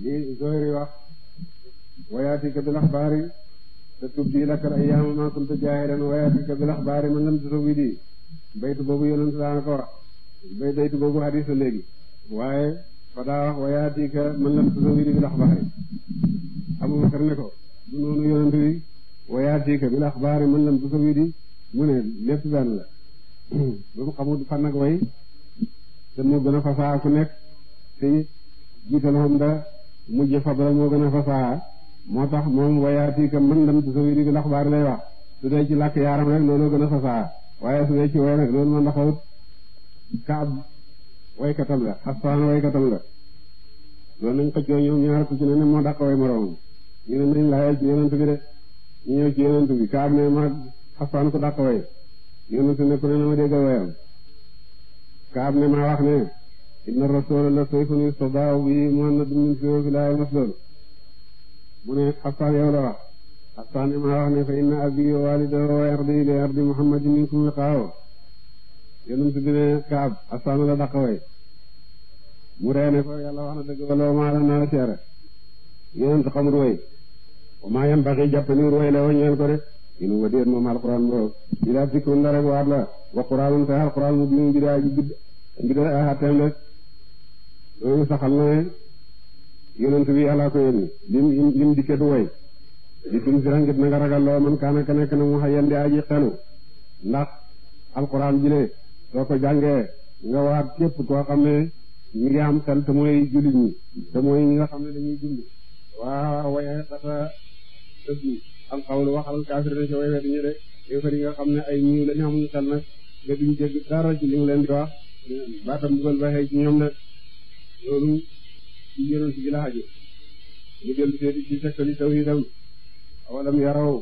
li Zuhayri wax wayaatika bil axbaari te tubdi lakal ayyaama maa kunta jaahilan wayaatika bil axbaari man lam tuzawwidi baytu boobu yonent daana ko wax bay baytu boobu hadis la léegi waaye fa daa wax wayaatika man lam tuzawwidi bil axbaari Abubakar ne ko du noonu yonent bi wayaatika bil axbaari man lam tuzawwidi mu ne lépp benn la ba mu fan ak way te moo gën a fasaa ku nekk te jiital xam da mujj fabra moo gën a fasaa moo tax moom wayaati ka mën dam sa wii di ndax baar lay wax su dee ci làkk yaaram rek loolu gën a fasaa waaye su dee ci way nag loolu ma ndaxawut kaab waykatam la xasaan waykatam la loolu nañ xëccoo ñoom ñaar ku ci ne ne moo dàq way moroomam ñu ne nañ ci yonent bi de ñëw ci yonent bi kaab ne ma xasaan ko dàq way yonent ne ku ne ma déggal wayam kaab ne maa wax ne inna rasuula la sayfun yustadaaw bihi muhannadun min suyuufillaahi maslan mu ne xasaan yow la wax xasaan ne maa wax ne fa inna abii wa waalidahu wa ardi li ardi muhammadin minkum wiqaaw yonent bi ne kaab xasaan la daq way mu ree ne ko yàlla wax na dëgg wala maa la naa la seere yonent xam ruway wa maa yan baxi jàpp ni ruway la wañeel ko de inu wa déet moom alquran boobu ilaa sikkun la rek waat la wa qur'aanun te alqur'aan mu biin ji daay ji gudd rek loolu saxal na ne yonent bi yàllaa ko yónni lim lim dikke du woy di tun si rangit na nga ragal loo man kaana ka nekk na mu xayan di aji xelu ndax alqur'aan ji soo ko jàngee nga waat képp koo xam ne ñu am xel te mooy jullit ñi te mooy nga xam ne dañuy dund waa waye xata dëgg alxawlu waxal kaafir na ci way wet ñi de yéefar yi nga xam ne ay ñiw lañu amuñu xel nag nga duñ ci li leen di wax baatam bu gën waxee ci ñoom ne loolu ci yonent bi la xaju ñu yaraw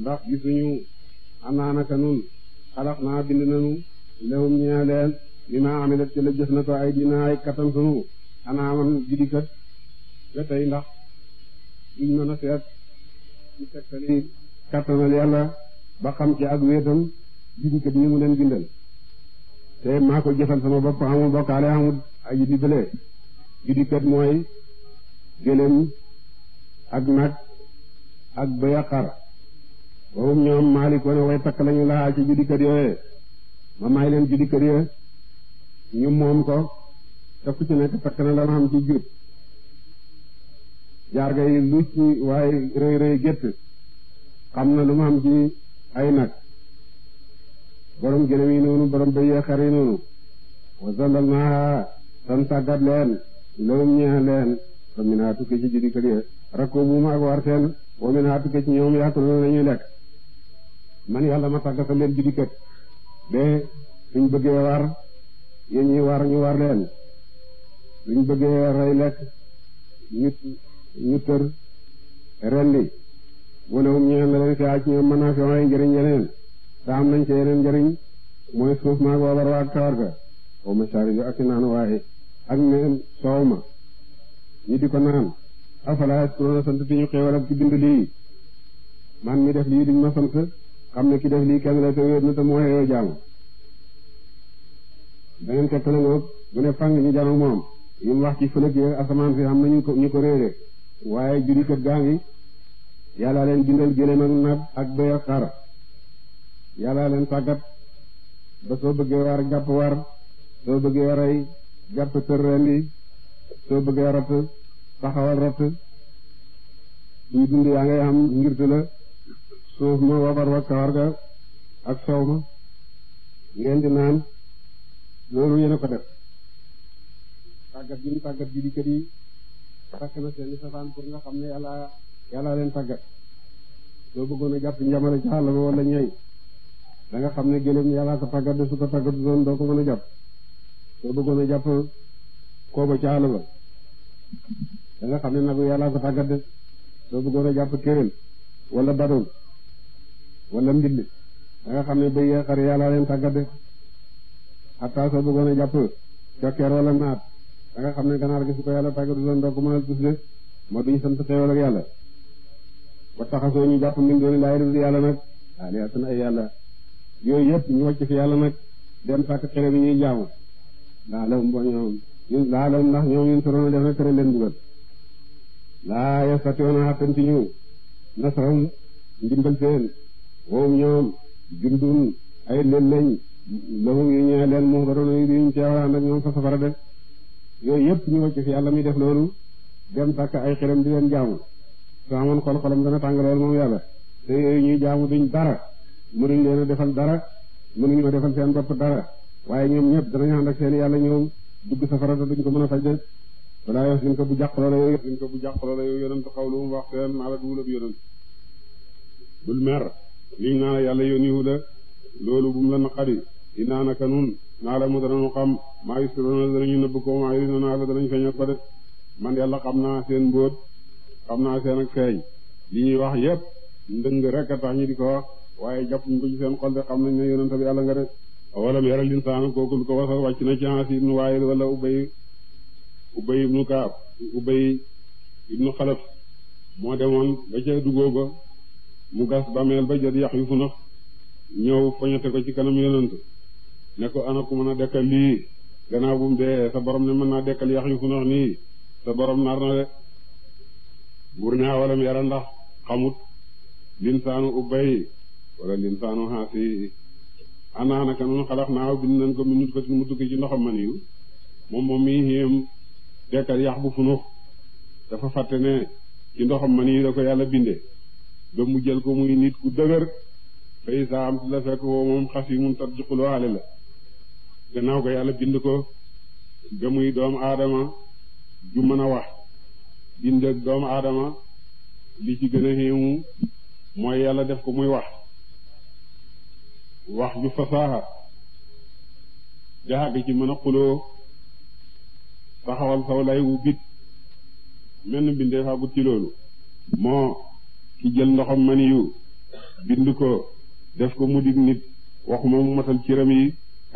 ndax gisuñu am nun xalax naa bind nanu lewum ñaa leen li ma amilat ci la jëf na ko ay dina ay kattan sunu anaaman gidikat ba tey ndax duñ mën a seet ci tekkali kattanal yàlla ba xam ci ak wéetam juddikat yi mu leen bindal te maa ko jëfal sama bopp amul bokkaale amul aji di bële mooy gëlëm ak nag ak bëy ak xar boobu ñoom maalik wane way takk lañu laxaa ci juddikat yooye ma may leen juddikat yooye ñu moom ko te ku ci nekk takk na la ma xam ci jub jaar gay lu ci waaye rëy rëy gétt xam na lu ma xam ci ay nag borom gëlëm yi noonu borom bëy yi xar yi noonu wasalal naa tan tàggat leen lawum ñeex leen fa mi naa tukke ci judi kërie rakkoo buuma ak war seen wa mi naa tukke ci ñoom yàquloo nañuy lekk man yàlla ma tàggatal leen judi kët de suñ bëggee war yéen ñi war ñu war leen suñ bëggee rey lekk ñu ñu tër rendi wala um ñeex la leen fi aj ñoom mën naa fi way njëriñ yeneen te am nañ ci yeneen njëriñ mooy suuf maag wabar waag kawar ga wa mashariju ak i naan waaye ak meen soow ma ñi di ko naan afala yaskuruuna sant ti ñu xéewal ci bind lii man mi def lii duñ ma sant xam ne ki def lii kenn la te wéet na te moo xeeyoo jaamu beneen tepp la noog mu ne fang ñu janoog moom yi mu wax ci fëlëg yi asamaan fi xam na ñu ko ñu waaye juri kët gaa ngi yàlla leen bindal gëléem ak nag ak bëy xar yàlla leen tàggat ba soo bëggee war jàpp war soo bëggee rey jàpp tër soo bëggee rott taxawal rott buy dund yaa ngay am ngirtu la suuf ma wabar wa kawar ga ak soow ma ngeen di naan loolu yéen ko def tàggat bi ñu tàggat bi di kër yi na seen i safaan pour nga xam ne yàlla yàlla leen tàggat soo bëggoon jàpp njamale ci àll ba wala ñeeñ da xam ne gëléem yàllaa ko tàggat su ko tàggat doon doo ko mën a jàpp soo bëggoon a jàpp kooba ca àll ba da nga xam ne jàpp kéréel wala badoon wala mbill da xam ne bëy yee yàlla yàllaa leen tàggat de xataa soo bëggoon a jàpp cokkeer wala naat da xam ne ganaar gi su ko yàlla tàggat doon doo ko a tus de moo duñ sant xéewal ak yàlla wa taxasoo ñu jàpp min dooni laay dul yàlla nag aliatun ay yàlla yooyu yëpp ñu wàcc fi yàlla nag dem sàkk xere bi ñuy jaamu laa lahum boo ñoom ñun laa lahum ndax ñoom ñun toroon a def na tere leen dugal laa yastatiyoona xàttanti ñu nasrahum ndimbal seen woowu ñoom jundun ay lël lañ lahum yu ñee leen mu doon yu duñ ci ñoom fa safara de yooyu yëpp ñu wàcc fi yàlla mi def loolu dem sàkk ay xerem di leen jaamu su amoon xol xolam dana tàng loolu moom yàlla te yooyu jaamu duñ dara mënuñ leen a defal dara mënuñoo defal seen bopp dara waaye ñoom ñëpp danañu ànd seen yàlla ñoom dugg safara te duñ ko mën a faj de balaa yoo suñ ko bu jàqaloo la yow suñ ko bu jàqaloo la yow yonent xawlu mu wax seen maa la duwul ak yonent bul mer liñ naa la yàlla yónniwu la loolu bu mu la naqari dinaa nun naa la mu danañu xam maa yu danañu nëbb ko maa yu naa la danañu feeñal ko de man yàlla xam naa seen mbóot xam naa seen ak feeñ li ñuy wax yépp ndëng rek a tax ñi waaye jàppuñ ko ci seen xol de xam nañ ne yonent bi yàlla nga de awalam yaral insaana kooku lu ko wasal wàcc na ci Aas ibnu Waayil wala Ubay Ubay ibnu Kaab Ubay ibnu Xalaf moo demoon ba ca dugoo ba mu gas bàmmeel ba jot yax yu fu nax ñëw poñete ko ci kanam yonent ne ko ana ku mën a dekkal lii gannaaw bu mu sa borom ne mën naa dekkal yax yu fu nax nii sa borom nar na de buur ne awalam yaral ndax xamut linsaanu Ubay wala linsaanu xaasi ana naka nun xalax naaw bind nañ ko mu nut ko ci mu dugg ci ndoxam man yu moom moom mi xéem dekkal yax bu funux dafa fàtte ne ci ndoxam man yi da ko yàlla binde ba mu jël ko muy nit ku dëgër fay saa am la fekk woo moom xas yi mun tat juquloo ale la gannaaw ko yàlla bind ko ba muy doomu aadama ju mën a wax bind ak doomu aadama li ci gën a xéemu mooy yàlla def ko muy wax wax ju fasaaxa jaxag ci mën a xuloo taxawal saw lay wu git menn bindee faagut ci loolu moo ci jël ndoxam maniyu bind ko def ko mu dig nit waxuma mu matal ciram yi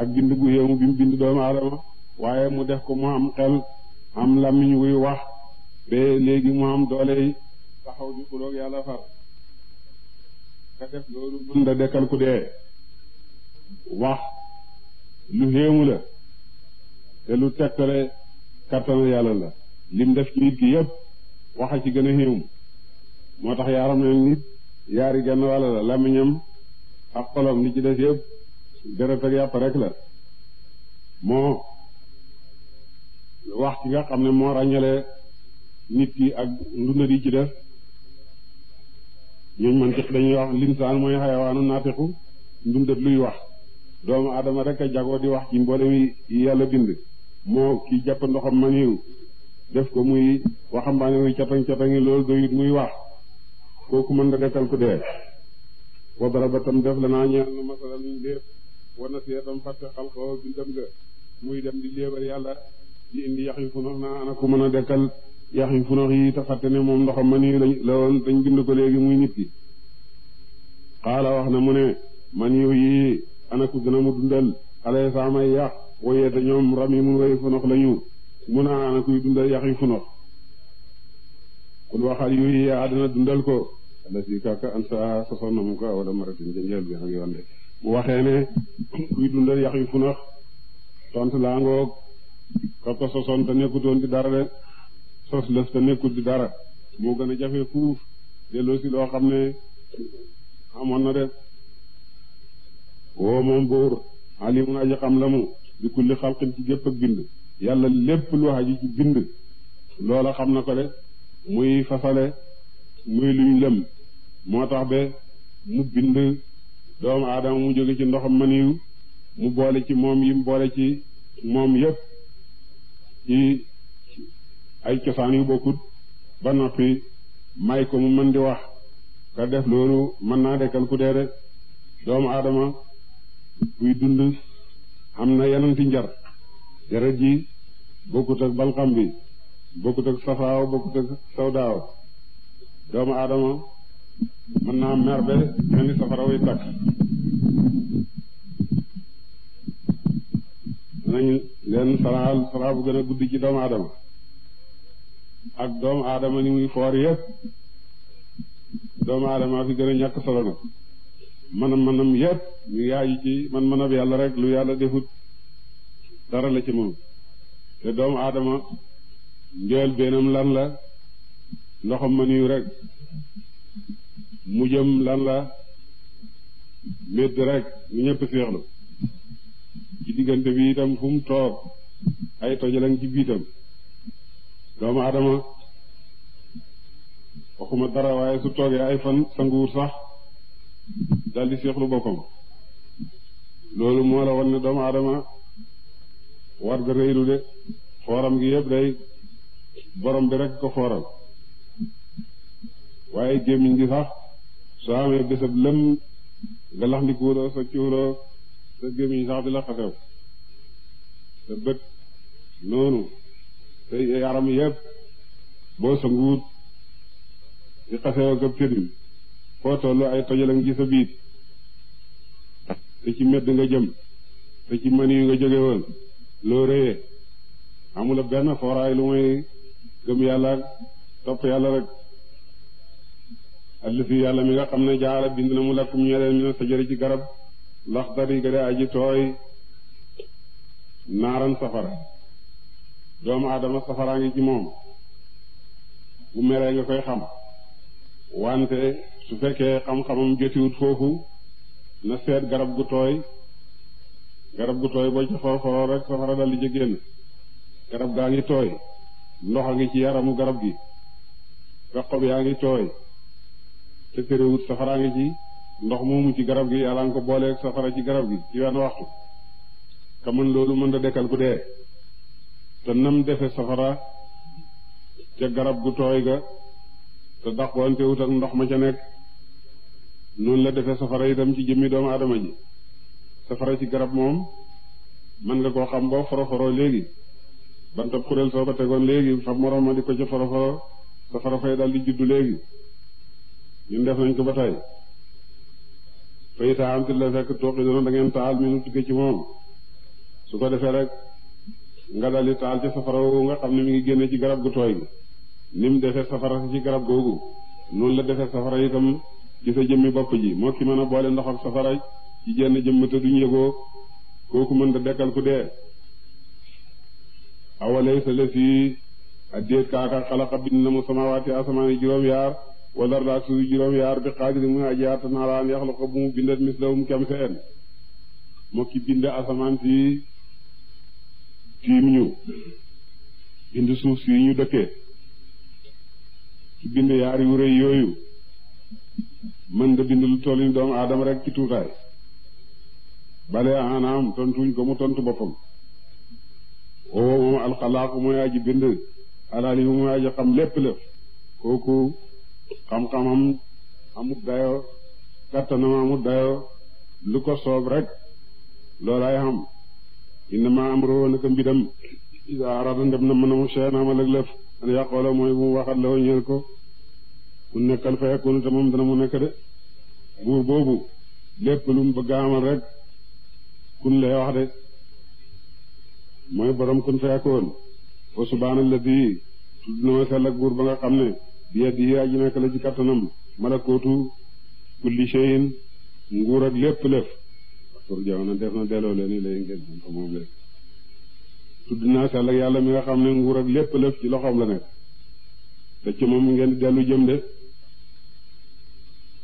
ak bind gu yéemu bi mu bind doomu aadama waaye mu def ko mu am xel am làmmiñ wuy wax ba léegi mu am doole taxaw di xuloog yàlla far nga def loolu mën da dekkal ku dee wax lu xéemu la te lu tegtale kattanu yàlla la lim def ci nit ki yëpp wax ci gën a xéemu moo tax yaaram ne nit yaari genn wàlla la làmmiñam ak xolom li ci des yëpp deret ak yàpp rek la moo wax ci nga xam ne moo ràññale nit ki ak ndunda yi ci def ñooñ man ci dañuy wax linsaan mooy xayawaanu naatiqu ndundat luy wax doomu aadama rek a jagoo di wax ci mboolem yàlla bind moo ki jàpp ndoxam ma def ko muy waxambaane muy cataŋ cataŋi loolu doyut muy wax kooku mën da dekkal ku dee wa daraba tam def la naa ñaan nu masala nuñ léeb wana seetam fàtte xalqoo bindam ga muy dem di léebal yàlla di indi yax yu funox naa ana ku mën a dekkal yax yu funox yi te fàtte ne moom ndoxam ma niw lañ la woon dañ bind ko léegi muy nit ki xaala wax na mu ne ma ana ku gën mu dundal xale saa may woyee te ñoom ram yi mun rëy funox lañu mun a ana kuy dundal yàq yi funox kul waxal yu yaa dana dundal ko ala si an sa sosoon na mu ko wala maratin janjeel bi ak yoon de bu waxee ne kuy dundal yàq yu funox tont laa ngoog ka ko sosoon te nekkutoon di dara de sos lëf te nekkut di dara moo gën a jafe fuuf delloo si loo xam ne amoon na de woo moom buur alimun aji xam la mu bi kulli xalqin ci gépp bind yàlla lépp lu aju ci bind loola xam na ko de muy fasale muy luñ lëm moo tax ba mu bind doomu aadama mu jóge ci ndox maniyu mu boole ci moom yi mu boole ci moom yépp ci ay cosaan yu bokkut ba noppi may ko mu mën di wax ka def loolu mën naa dekkal ku dee de doomu aadama buy dund am na yananti njar deret ji bokkut ak balxam bi bokkut ak safaaw bokkut ak sawdaaw doomu aadama mën naa mer be mel ni safara wuy leen saraal saraa bu gën a guddi ci doomu aadama ak doomu aadama ni muy foor yëpp doomu aadama fi gën a ñàkk solo nag manam-manam yépp ñu yaayu ci man-manam yàlla rek lu yàlla defut dara la ci moom te doomu aadama njool beenam lan la loxom ma niw rek mujjam lan la médd rek ñu ñëpp séexlu ci diggante bi itam fu mu toog ay tojalan ci biitam doomu aadama waxuma dara waaye su toogee ay fan sanguwur sax daal di féexlu boppam loolu moo la won ne doomu aadama war nga de xooram gi yëpp day borom bi rek ko xooral waaye gémmiñ gi sax soo amee bésab lëm nga lax sa cuuloo sa gémmiñ sax di la xasew sa bët noonu sa yaram yëpp boo sa nguut di xasew ak a pirim foo tollu ay tojalan gi sa biit te ci medd nga jëm te ci mën yu nga jóge woon loo rëyee amula benn fooraay lu may gëm yàlla topp yàlla rek allëfi yàlla mi nga xam ne jaara bind na mu lakkum ñeleen mi ne sajari ci garab laxdari ga de aji tooy naaran safara doomu aadama safaraa ngi ci moom bu meree nga koy xam wante su fekkee xam-xamam jotiwut foofu na seet garab gu tooy garab gu tooy boo ci xooxoo rek safara dal di ca génn garab gaa ngi tooy ndox a ngi ci yaramu garab gi nga xob yaa ngi tooy te terewut safaraa ngi ci ndox mu moomu ci garab gi yàlla nga ko booleeg safara ci garab gi ci wenn waxtu te mën loolu mën da dekkal ku dee te nam defe safara ca garab gu tooy ga te daqoon te wut ak ndox ma ca nekk noonu la defee safara itam ci jëmmi doomu adama ji safara ci garab moom man nga koo xam boo foroforo léegi bantab kuréel soo ko tegoon léegi fa moroom ma di ko ca foroforo safara fay dal juddu léegi ñun def nañ ko ba tey fay taamti la fekk tuuqi doona da ngeen taal mu nu tukkee ci moom su ko defee rek nga dal di taal ci safara woowu nga xam ne mi ngi génne ci garab gu tooy ni mu defee safara ci garab googu noonu la defee safara tam di sa jëmmi bopp ji moo ki mën a boole ndox ak safara ci jenn jëmm te duñ yëgoo kooku dekkal ku dee awalay sa les yi addeet kaaka xalaqa bind na mu samawaati asamaani juróom-yaar wala daal suuf juróom-yaar bi xaadiri muy ajaar te naa laan yaxluqa bu mu bindat mislahum kem seen moo ki bind asamaan si tiim ñu bind suuf si ñu dëkkee ci bind yaari wu rëy yooyu mën nga bind lu toll doomu aadama rek ci tuutaay bale anaam tontuñ ko mu tontu boppam oo moom alxalaaqu mooy aji bind alaali mooy aji xam lépp lépp kooku xam-xamam amut dayo kattanam amut dayo lu ko soob rek loolaay xam innama amruhu naka mbidam idaa arada ndem na mën a mu seen amal ak lëf an yaqoola mooy mu waxat la ko ku nekkal fa yakunu te moom dana mu nekk de buur boobu lépp lu mu bëgg rek kun lay wax de mooy borom kun fa yakoon fa subhaanal la bii tudd na ma sell ak buur ba nga xam ne bi yedd yi aji nekk la ci kattanam malakootu kulli shay'in nguur ak lépp lépp pour jaw delloo leen i lay yàlla mi nga xam ne nguur ak lépp lépp ci loxoom la nekk te ci moom ngeen di dellu jëm de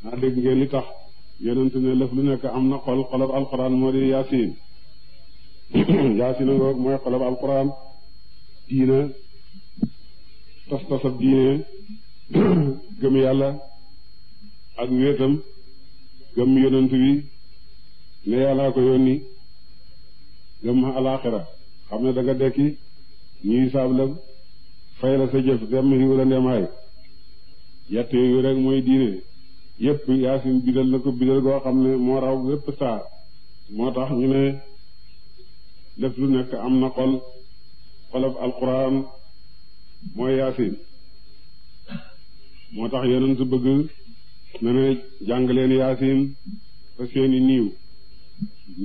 naa dégg ngeen li tax yonent ne lëf lu nekk am na xol xolab alquran moo di yaasin yaasin ngoog mooy xolab alquran diina tas tasab diine gëm yàlla ak wéetam gëm yonent bi ne yàllaa ko yónni gëm alaaxira xam ne da nga dekki ñuy saablam fay la sa jëf dem xiw la ndem hay yett yooyu mooy diine yëpp yaasin bidal na ko bidal koo xam ne moo raw yëpp saar moo tax ñu ne def lu nekk am na xol xolof alquran mooy yaasin moo tax yonent bëgg na ne jàng leen yaasin fa seeni niiw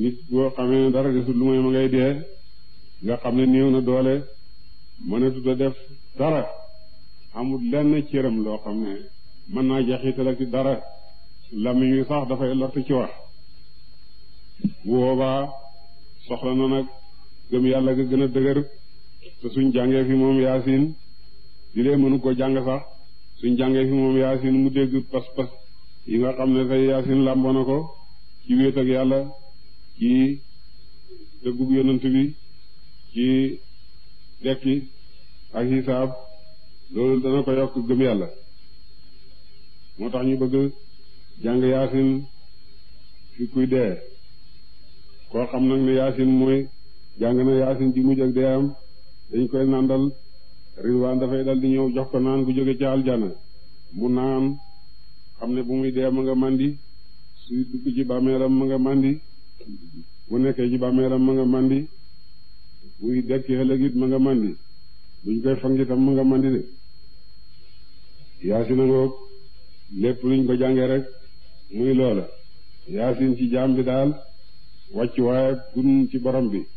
nit boo xamee dara desul lu may ma ngay dee nga xam ne néew na doole mënatut a def dara amul lenn cëram loo xam ne mën naa jeexital ci dara làmmiñ wi sax dafay lott ci wax bu boobaa soxla na nag gëm yàlla ga gën a dëgër te suñ jàngee fi moom yaasin di dee mënu ko jàng sax suñ jàngee fi moom yaasin mu dégg pas-pas yi nga xam ne tey yaasin làmboo ko ci wéet ak yàlla ci dëggug yonent bi ci dekki ak hisaab loolu dana ko yokk gëm yàlla moo tax ñu bëgg jàng yaasin fi kuy dee koo xam nag ne yaasin mooy jàng na yaasin ji mujj ak dee am dañ koy nandal ridwaan dafay dal di ñëw jox ko naan ku jóge ci aljana mu naan xam ne bu muy dee ma nga màndi suy dugg ci bàmmeelam ma nga màndi bu nekkee ci bàmmeelam ma nga màndi buy dekki ëllëg it ma nga màndi buñ koy fangitam ma nga màndi de yaasin a ngoog lépp lu luñ ko jànge rek muy loola yaasin ci jaam bi daal wàccuwaay gun ci borom bi